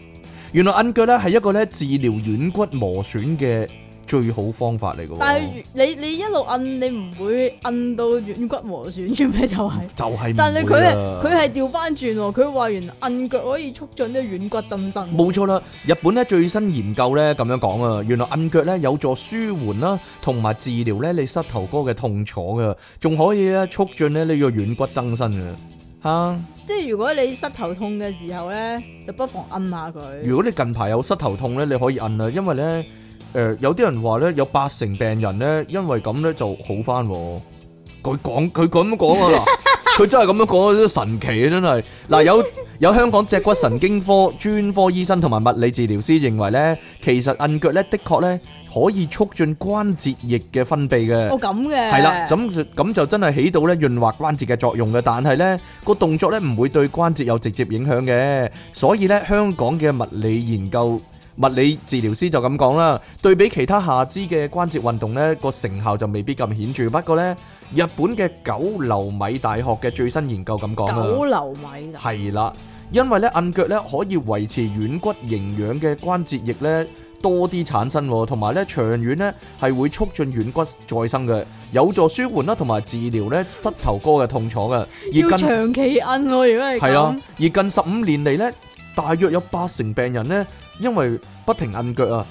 原來按腳咧係一個咧治療軟骨磨損嘅。最好方法嚟嘅、哦，但係你你一路摁，你唔會摁到軟骨磨損，最屘就係、是、就係、是，但係佢係佢係調翻轉，佢話原來摁腳可以促進啲軟骨增生。冇錯啦，日本咧最新研究咧咁樣講啊，原來摁腳咧有助舒緩啦，同埋治療咧你膝頭哥嘅痛楚嘅，仲可以咧促進咧呢個軟骨增生嘅吓。即係如果你膝頭痛嘅時候咧，就不妨摁下佢。如果你近排有膝頭痛咧，你可以摁啊，因為咧。誒，有啲人話咧，有八成病人咧，因為咁咧就好翻。佢講佢咁樣講啊，嗱，佢真係咁樣講，神奇啊真係。嗱，有有香港脊骨神經科專科醫生同埋物理治療師認為咧，其實摁腳咧的確咧可以促進關節液嘅分泌嘅。哦，咁嘅。係啦，咁咁就真係起到咧潤滑關節嘅作用嘅。但係呢個動作咧唔會對關節有直接影響嘅，所以咧香港嘅物理研究。物理治療師就咁講啦，對比其他下肢嘅關節運動，呢個成效就未必咁顯著。不過呢，日本嘅九流米大學嘅最新研究咁講啦，九流米噶係啦，因為咧按腳咧可以維持軟骨營養嘅關節液咧多啲產生，同埋咧長遠呢係會促進軟骨再生嘅，有助舒緩啦同埋治療咧膝頭哥嘅痛楚嘅。而要長期按、啊、如果係係啦，而近十五年嚟呢，大約有八成病人呢。因為不停摁腳啊，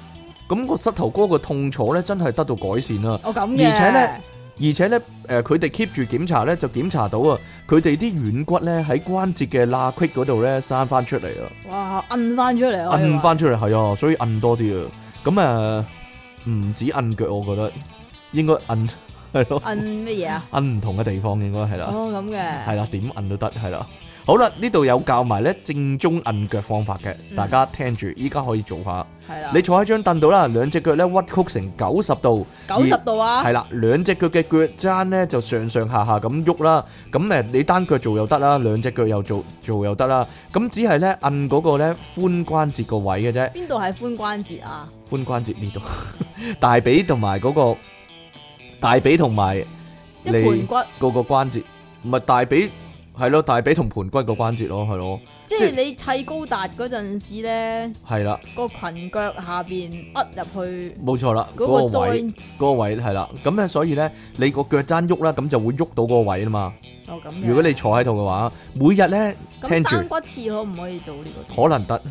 咁個膝頭哥個痛楚咧，真係得到改善啦、哦，咁嘅。而且咧，而且咧，誒，佢哋 keep 住檢查咧，就檢查到啊，佢哋啲軟骨咧喺關節嘅罅隙嗰度咧，生翻出嚟啊。哇，按翻出嚟，摁翻出嚟係啊，所以摁多啲啊。咁啊，呃、唔止摁腳，我覺得應該摁，係 咯、嗯麼。摁乜嘢啊？摁唔同嘅地方應該係啦。哦，咁嘅。係啦，點摁都得，係啦。好啦，呢度有教埋咧正宗按腳方法嘅，大家聽住，依家可以做下。係啦，你坐喺張凳度啦，兩隻腳咧屈曲成九十度，九十度啊，係啦，兩隻腳嘅腳踭咧就上上下下咁喐啦。咁誒，你單腳做又得啦，兩隻腳又做做又得啦。咁只係咧按嗰個咧髖關節個位嘅啫。邊度係髖關節啊？髖關節呢度，大髀同埋嗰個大髀同埋，即係盤骨嗰個關節，唔係大髀。係咯，大髀同盤骨個關節咯，係咯。即係你砌高達嗰陣時咧，係啦，個裙腳下邊屈、呃、入去，冇錯啦。嗰個位，嗰、嗯、嗰個位係啦。咁咧，所以咧，你個腳踭喐啦，咁就會喐到嗰個位啦嘛。哦，咁。如果你坐喺度嘅話，每日咧，咁生骨刺可唔可以做呢個？可能得。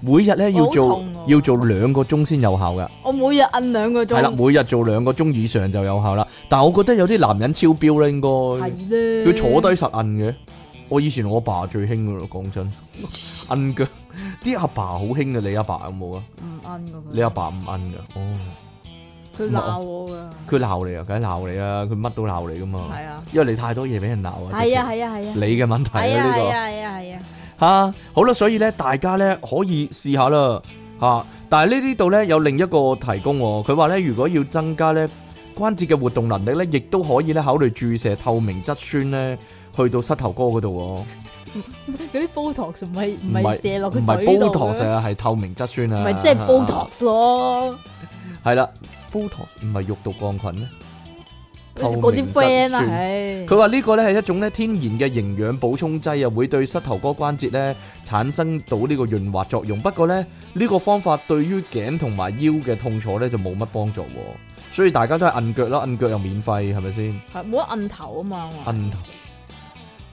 每日咧要做要做兩個鐘先有效噶我每日摁兩個鐘係啦，每日做兩個鐘以上就有效啦。但係我覺得有啲男人超標啦，應該係咧，佢坐低實摁嘅。我以前我阿爸最興噶咯，講真，摁噶啲阿爸好興噶，你阿爸有冇啊？唔摁噶，你阿爸唔摁噶，哦，佢鬧我噶，佢鬧你啊，梗係鬧你啦，佢乜都鬧你噶嘛，係啊，因為你太多嘢俾人鬧啊，係啊係啊係啊，你嘅問題啊呢個。吓、啊，好啦，所以咧，大家咧可以試下啦，吓、啊。但係呢啲度咧有另一個提供，佢話咧如果要增加咧關節嘅活動能力咧，亦都可以咧考慮注射透明質酸咧去到膝頭哥嗰度。嗰啲煲 o t 唔 x 射落去，唔係煲糖石，o 啊，係透明質酸啊。唔係即係煲 o t o x 咯。係啦 b 唔係肉毒桿菌咩？透明質酸。啲 friend 啊，係佢話呢個咧係一種咧天然嘅營養補充劑啊，會對膝頭哥關節咧產生到呢個潤滑作用。不過咧，呢個方法對於頸同埋腰嘅痛楚咧就冇乜幫助喎。所以大家都係按腳啦，按腳又免費，係咪先？係冇得按頭啊嘛。按頭，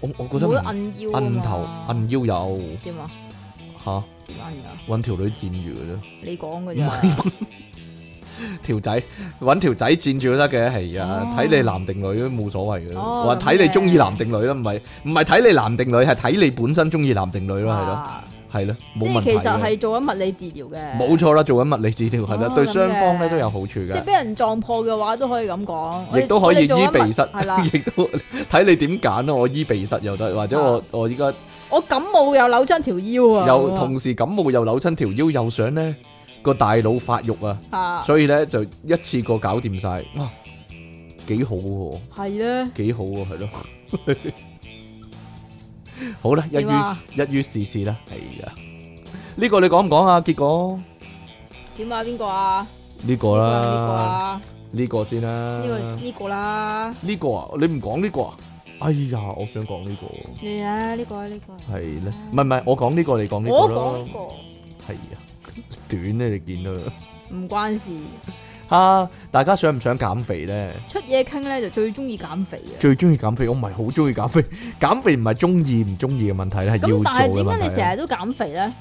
我我覺得冇得按腰。按頭，按腰有點啊？嚇？按噶？揾條女戰住啦！你講嘅啫。條仔揾條仔佔住得嘅係啊，睇你男定女都冇所謂嘅。話，睇你中意男定女啦，唔係唔係睇你男定女，係睇你本身中意男定女咯，係咯，係咯，冇問題。即係其實係做緊物理治療嘅，冇錯啦，做緊物理治療係啦，對雙方咧都有好處嘅。即係俾人撞破嘅話，都可以咁講，亦都可以醫鼻塞，亦都睇你點揀咯。我醫鼻塞又得，或者我我依家我感冒又扭親條腰啊，又同時感冒又扭親條腰又想呢？個大腦發育啊，所以咧就一次過搞掂晒，哇，幾好喎！係咧，幾好喎，係咯，好啦，一於一於試試啦。係啊，呢個你講唔講啊？結果點啊？邊個啊？呢個啦，呢個啦，呢個先啦，呢個呢個啦，呢個啊，你唔講呢個啊？哎呀，我想講呢個。你啊呢個呢個係咧，唔係唔係，我講呢個你講呢個咯，我講呢個係啊。短咧，你見到啦。唔關事嚇，大家想唔想減肥咧？出嘢傾咧就最中意減肥啊！最中意減肥，我唔係好中意減肥。減肥唔係中意唔中意嘅問題咧，係要做嘅問題。咁但係點解你成日都減肥咧？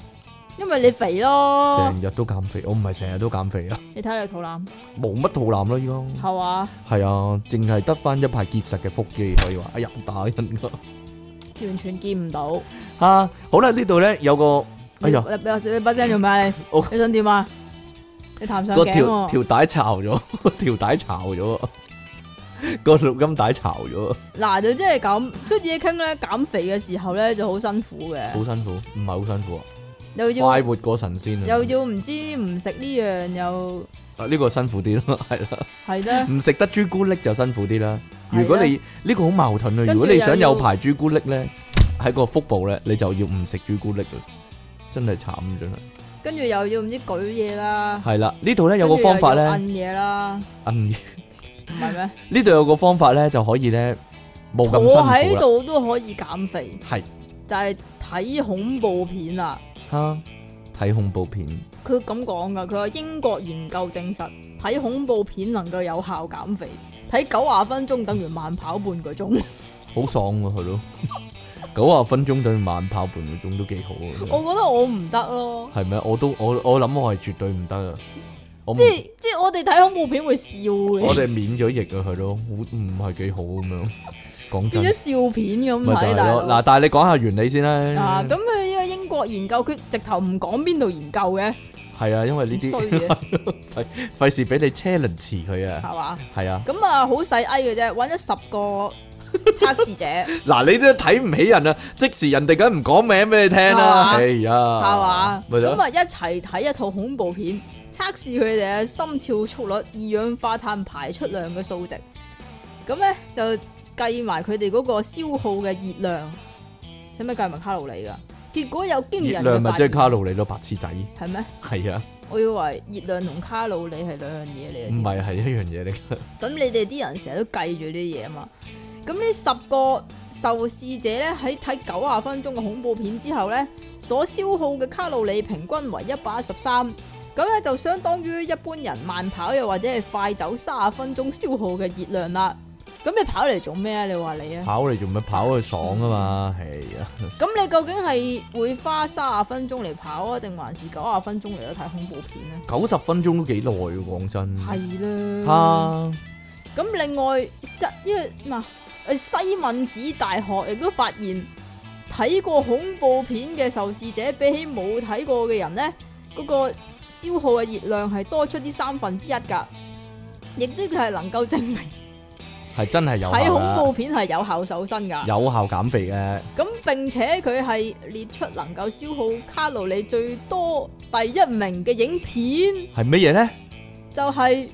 因為你肥咯，成日都減肥，我唔係成日都減肥啊。你睇下你肚腩，冇乜肚腩咯，依家。係嘛？係啊，淨係得翻一排結實嘅腹肌可以話，哎呀，打人㗎，完全見唔到。嚇，好啦，呢度咧有個。哎呀、哎呦！你把聲做咩？你想、哦、你想點啊？你探上頸個條條帶巢咗，條帶巢咗，個 錄巢 音帶巢咗。嗱就即係咁出嘢傾咧，減肥嘅時候咧就好辛苦嘅。好辛苦，唔係好辛苦啊！又要快活過神仙，啊，又要唔知唔食呢樣又。啊，呢個辛苦啲咯，係啦，係啦，唔食得朱古力就辛苦啲啦。如果你呢的、呢個好矛盾啊！如果，如果你想有排朱古力咧喺個腹部咧，你就要唔食朱古力。真係慘咗啦！跟住又要唔知舉嘢啦，係啦，呢度咧有個方法咧，瞓嘢啦，瞓唔係咩？呢 度有個方法咧就可以咧，坐喺度都可以減肥，係是就係睇恐怖片啊！吓，睇恐怖片，佢咁講噶，佢話英國研究證實睇恐怖片能夠有效減肥，睇九十分鐘等於慢跑半個鐘，好 爽喎，係咯。 九十分鐘對慢跑半個鐘都幾好啊！我覺得我唔得咯。係咪？我都我我諗我係絕對唔得啊！即係即係我哋睇恐怖片會笑嘅。 我哋免咗疫啊，佢咯，唔唔係幾好咁樣講真。變咗笑片咁睇。嗱哥，但係你講下原理先啦。咁佢呢個英國研究佢直頭唔講邊度研究嘅。係啊，因為呢啲嘢，費事俾你 challenge 佢啊，係嘛？係啊。咁啊，好細 I 嘅啫，揾咗十個。測試者，嗱 你都睇唔起人啊！即時人哋梗唔講名俾你聽啦，係啊，係嘛吧？咁日吧一齊睇一套恐怖片，測試佢哋嘅心跳速率、二氧化碳排出量嘅數值，咁咧就計埋佢哋嗰個消耗嘅熱量，使唔使計埋卡路里噶？結果有驚人。熱量咪即係卡路里咯，白痴仔。係咩？係啊。我以為熱量同卡路里係兩樣嘢嚟嘅。唔係，係一樣嘢嚟。咁 你哋啲人成日都計住呢啲嘢啊嘛？咁呢十個受試者咧喺睇九啊分鐘嘅恐怖片之後咧，所消耗嘅卡路里平均為一百一十三，咁咧就相當於一般人慢跑又或者係快走三十分鐘消耗嘅熱量啦。咁你跑嚟做咩啊？你話你啊？跑嚟做咩？跑去爽啊嘛，係啊。咁你究竟係會花卅分鐘嚟跑啊，定還是九啊分鐘嚟睇恐怖片咧？九十分鐘都幾耐喎，講真。係啦的。嚇、啊！咁另外，西呢個嗱，西敏寺大學亦都發現，睇過恐怖片嘅受試者比起冇睇過嘅人咧，嗰、那個消耗嘅熱量係多出啲三分之一噶，亦即係能夠證明係真係睇恐怖片係有效瘦身噶，有效減肥嘅。咁並且佢係列出能夠消耗卡路里最多第一名嘅影片係乜嘢咧？呢就係、是。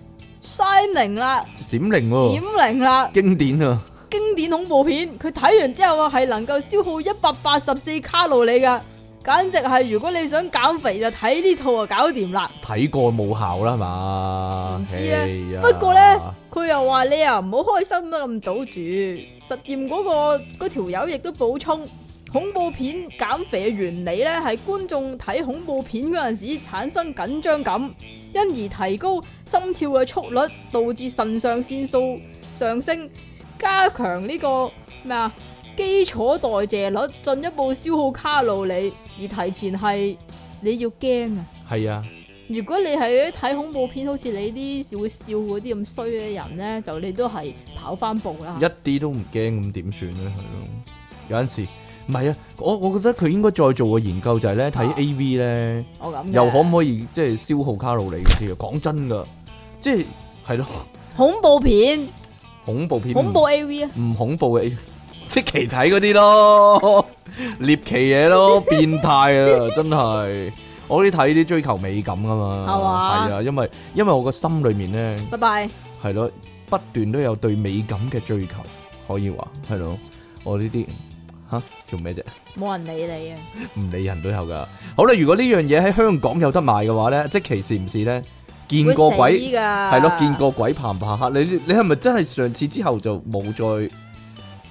閃靈啦，閃靈哦，閃靈啦，經典啊，經典恐怖片，佢睇完之後啊，係能夠消耗一百八十四卡路里噶簡直係如果你想減肥就睇呢套啊，搞掂啦，睇過冇效啦係嘛，唔知咧，不過咧佢又話你啊唔好開心得咁早住，實驗嗰、嗰個嗰條友亦都補充。恐怖片減肥嘅原理咧，係觀眾睇恐怖片嗰陣時產生緊張感，因而提高心跳嘅速率，導致腎上腺素上升，加強呢個咩啊基礎代謝率，進一步消耗卡路里，而提前係你要驚啊！係啊！如果你係睇恐怖片，好似你啲會笑嗰啲咁衰嘅人咧，就你都係跑翻步啦！一啲都唔驚咁點算咧？係咯，有陣時。唔係啊，我我覺得佢應該再做個研究，就係咧睇 AV 咧，啊、我又可唔可以即係消耗卡路里嗰啲啊？講真㗎，即係係咯，恐怖片，恐怖片，恐怖 AV 啊，唔恐怖嘅，即其睇嗰啲咯，獵奇嘢咯， 變態啊，真係我啲睇啲追求美感㗎嘛，係吧啊，因為因為我個心裏面咧，拜拜，係咯，不斷都有對美感嘅追求，可以話係咯，我呢啲。吓做咩啫？冇人理你啊！唔 理人都有噶。好啦，如果呢樣嘢喺香港有得賣嘅話咧，即其是唔是，咧見過鬼？係咯，見過鬼怕唔怕黑。你你係咪真係上次之後就冇再？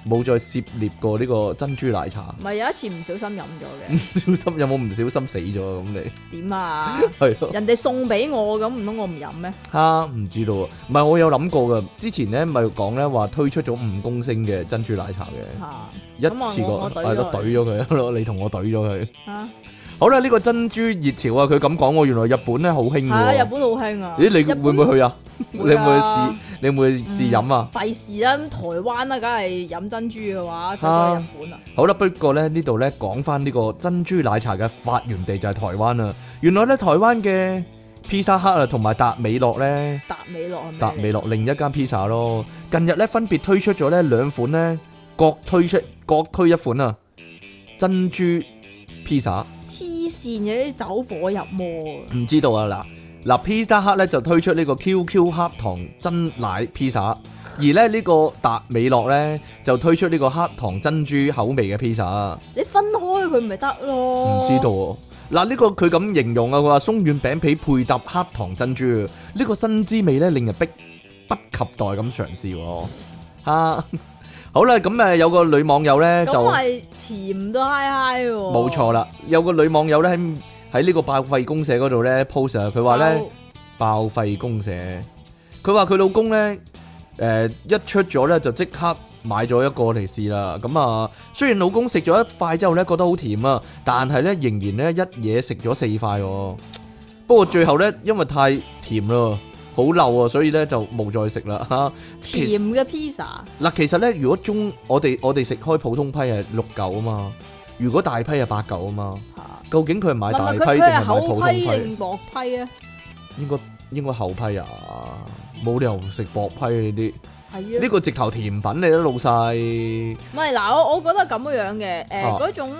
冇再涉獵過呢個珍珠奶茶，唔係有一次唔小心飲咗嘅，唔小心，有冇唔小心死咗？咁你點啊？係咯，人哋送俾我咁，唔通我唔飲咩？吓，唔知道，唔係我有諗過嘅，之前咧咪講咧話推出咗五公升嘅珍珠奶茶嘅，吓，一次過，我懟咗佢咯，你同我懟咗佢，吓，好啦，呢個珍珠熱潮啊，佢咁講，原來日本咧好興，係啊，日本好興啊，咦，你會唔會去啊？ 你會唔會試？會啊、你會唔會試飲啊？嗯、費事啦，台灣啦，梗係飲珍珠嘅話，新加坡、日本啊。啊好啦，不過咧呢度咧講翻呢個珍珠奶茶嘅發源地就係台灣啦。原來咧台灣嘅披薩克啊，同埋達美樂咧，達美樂係咪？達美樂另一間披薩咯。近日咧分別推出咗呢兩款咧，各推出各推一款啊。珍珠披薩？黐線嘅，啲走火入魔唔知道啊嗱。嗱，披薩克咧就推出呢個 QQ 黑糖珍奶披薩，而咧呢個達美樂咧就推出呢個黑糖珍珠口味嘅披薩。你分開佢咪得咯？唔知道。嗱、啊，呢、這個佢咁形容啊，佢話鬆軟餅皮配搭黑糖珍珠，呢、這個新滋味咧令人迫不及待咁嘗試。吓、啊，好啦，咁誒有個女網友咧就係，甜都嗨嗨喎。冇錯啦，有個女網友咧喺。喺呢個爆費公社嗰度呢 post 佢話呢，爆費、oh. 公社，佢話佢老公呢，誒、呃、一出咗呢，就即刻買咗一個嚟試啦。咁啊，雖然老公食咗一塊之後呢，覺得好甜啊，但係呢，仍然呢，一嘢食咗四塊。啊，不過最後呢，因為太甜咯，好漏啊，所以呢，就冇再食啦。甜嘅 pizza？嗱，其實呢，如果中我哋我哋食開普通批係六嚿啊嘛，如果大批係八嚿啊嘛。啊究竟佢係買大批定係買普通批啊？應該應該厚批啊，冇理由食薄批呢啲。係啊，呢個直頭甜品嚟啦，老細。唔係嗱，我我覺得咁嘅樣嘅，誒，嗰種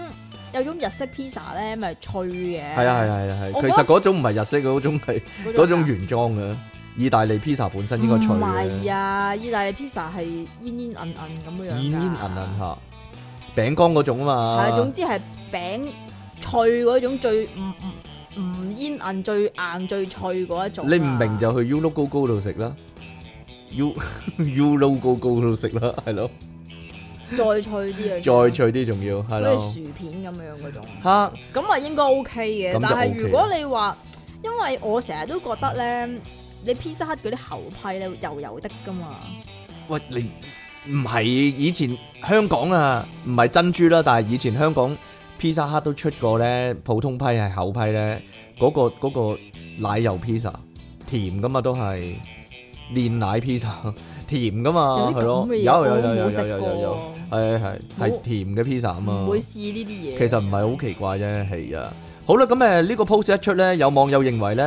有種日式披 i z 咧，咪脆嘅。係啊係啊係啊係，其實嗰種唔係日式嗰種係嗰種原裝嘅意大利披 i 本身應該脆唔係啊，意大利披 i z z a 係煙煙銀銀咁嘅樣。煙煙銀銀吓，餅乾嗰種啊嘛。係總之係餅。脆嗰種最唔唔唔煙韌，最硬最脆嗰一種，你唔明就去 U Low Goo Goo 度食啦，U U Low Goo Goo 度食啦，係咯，再脆啲啊，再脆啲仲要，係咯，好似薯片咁樣嗰種，吓，咁啊應該 OK 嘅，但係如果你話，因為我成日都覺得咧，你 pizza 嗰啲厚批咧油油的噶嘛，喂，你唔係以前香港啊，唔係珍珠啦，但係以前香港。Pizza Hut 都出過咧，普通批係厚批咧，嗰、嗰個嗰個奶油披薩甜㗎嘛，都係煉奶披薩甜㗎嘛，係咯對，有有有有有有有，係係係甜嘅披薩啊嘛，唔會試呢啲嘢，其實唔係好奇怪啫，係啊，好啦，咁誒呢個 post 一出咧，有網友認為咧，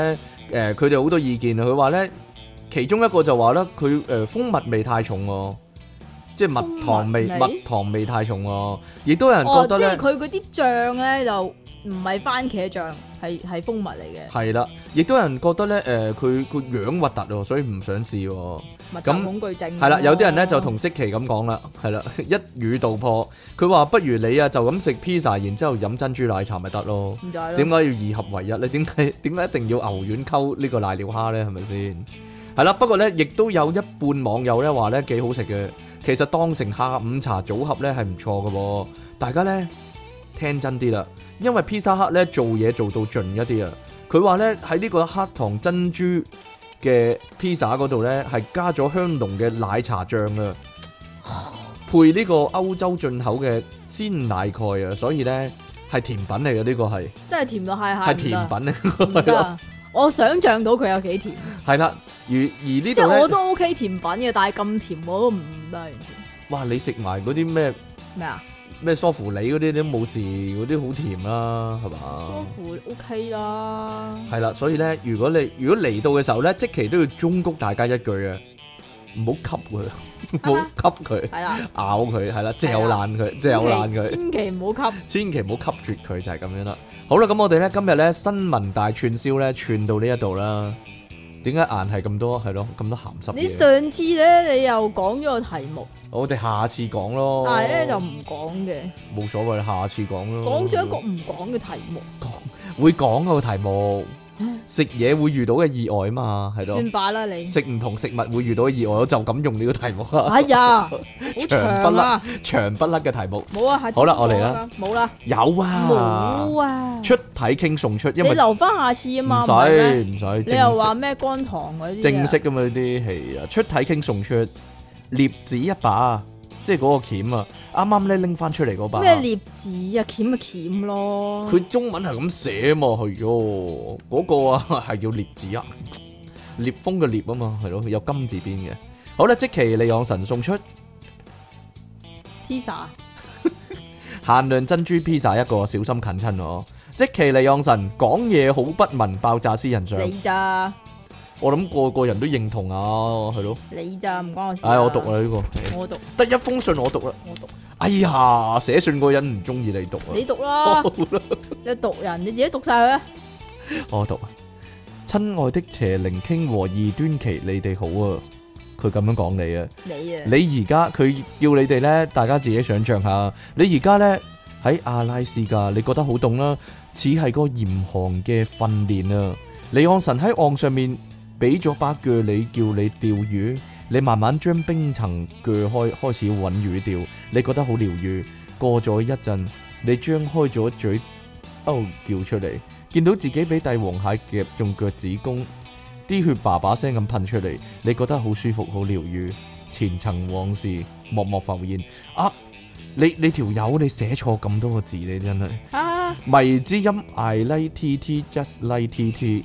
誒佢哋好多意見，佢話咧其中一個就話咧，佢誒、呃、蜂蜜味太重哦、啊。即係蜜糖味，蜜糖味， 味太重喎。亦都有人覺得、哦、即係佢嗰啲醬咧就唔係番茄醬，係係蜂蜜嚟嘅。係啦，亦 都有人覺得咧，誒佢個樣核突喎，所以唔想試喎。物恐懼症。係啦，有啲人咧就同積淇咁講啦，係啦，一語道破，佢話不如你啊，就咁食 pizza，然之後飲珍珠奶茶咪得咯。點解要二合為一？你點解點解一定要牛丸溝呢個瀨尿蝦咧？係咪先？係啦，不過咧，亦都有一半網友咧話咧幾好食嘅。其實當成下午茶組合呢係唔錯嘅喎。哦，大家呢聽真啲啦，因為披薩克呢做嘢做到盡一啲啊，佢話呢喺呢個黑糖珍珠嘅披薩嗰度呢，係加咗香濃嘅奶茶醬啊，配呢個歐洲進口嘅鮮奶蓋啊，所以呢係甜品嚟嘅呢個係，真係甜到閪呀！係甜品啊！行 我想象到佢有幾甜。係啦， 而而呢度即係我都 OK 甜品嘅，但係咁甜我都唔得。哇！你食埋嗰啲咩？咩麼啊？咩梳乎厘嗰啲都冇事，嗰啲好甜啦，係嘛？梳乎 OK 啦。係啦 所以咧，如果你如果嚟到嘅時候咧，即係都要忠告大家一句嘅，唔好吸佢，唔 好吸佢他， 了咬佢，係啦，咬了爛佢，即咬爛佢，千祈唔好吸， 千祈唔好吸絕佢，就係、是、咁樣啦。好啦，咁我哋咧今日咧新聞大串燒咧串到呢一度啦，點解硬係咁多係咯咁多鹹濕？你上次咧你又講咗個題目，啊、我哋下次講咯，但係咧就唔講嘅，冇所謂，下次講咯，講咗一個唔講嘅題目，講會講個題目。食嘢會遇到嘅意外啊嘛，係咯。算罷啦你。食唔同食物會遇到嘅意外，就咁用呢個題目啦。哎呀，長不甩，長不甩嘅題目。冇啊，下次好啦，我嚟啦。冇啦，有啊。冇啊。出體傾送出，因為留翻下次啊嘛。唔使，唔使。你又話咩乾糖嗰啲？正式噶嘛呢啲，係啊。出體傾送出，獵子一把。即係嗰個鉗啊，啱啱咧拎翻出嚟嗰把咩鑷子啊，鉗啊鉗咯。佢中文係咁寫嘛，係咯，嗰、那個啊係叫鑷子啊，聶風嘅聶啊嘛，係咯，有金字邊嘅。好啦，積淇離岸神送出披薩，限量珍珠披薩一個，小心近親我、啊。積淇離岸神講嘢好不文，爆炸私人相我諗個個人都認同啊，係咯。你就唔關我事、啊？唉、哎，我讀啦呢、這個。我讀。得一封信我讀啦。我讀。哎呀，寫信嗰人唔中意你讀啊。你讀啦。 你讀人，你自己讀晒佢。 我讀。親愛的邪靈卿和二端奇，你哋好啊。佢咁樣講你啊。你啊。你而家佢叫你哋咧，大家自己想象下。你而家咧喺阿拉斯加，你覺得好凍啦？似係個嚴寒嘅訓練啊！離岸神喺岸上面。俾咗把鋸，你叫你釣魚，你慢慢將冰層鋸開，開始揾魚釣，你覺得好療愈。過咗一陣，你張開咗嘴，哦、oh, 叫出嚟，見到自己俾帝王蟹夾中腳趾公，啲血叭叭聲咁噴出嚟，你覺得好舒服，好療愈。前塵往事默默浮現，啊！你你條友你寫錯咁多個字，你真係。啊！Ah. 迷之音，I like TT，just like TT。T.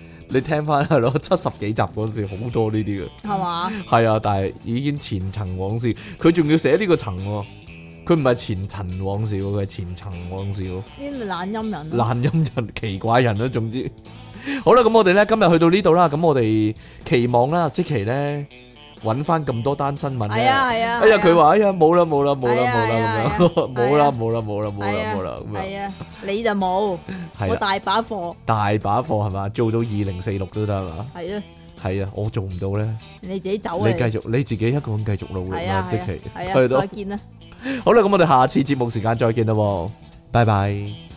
你聽翻係咯，七十幾集嗰時好多呢啲嘅，係嘛吧？係 啊，但係已經前塵往事，佢仲要寫呢個層喎、哦，佢唔係前塵往事，佢係前塵往事。呢啲咪懶音人？懶音人奇怪人啦、啊，總之， 好啦，咁我哋咧今日去到呢度啦，咁我哋期望啦，即期咧。搵翻咁多單新聞咧，哎呀佢話哎呀冇啦冇啦冇啦冇啦冇啦冇啦冇啦冇啦冇啦冇啦，你就冇，我大把貨，大把貨係嘛，做到二零四六都得係嘛，係啊，係啊，我做唔到咧，你自己走啊，你繼續你自己一個人繼續努力咯，即期係咯，再見啦，好啦，咁我哋下次節目時間再見啦，拜拜。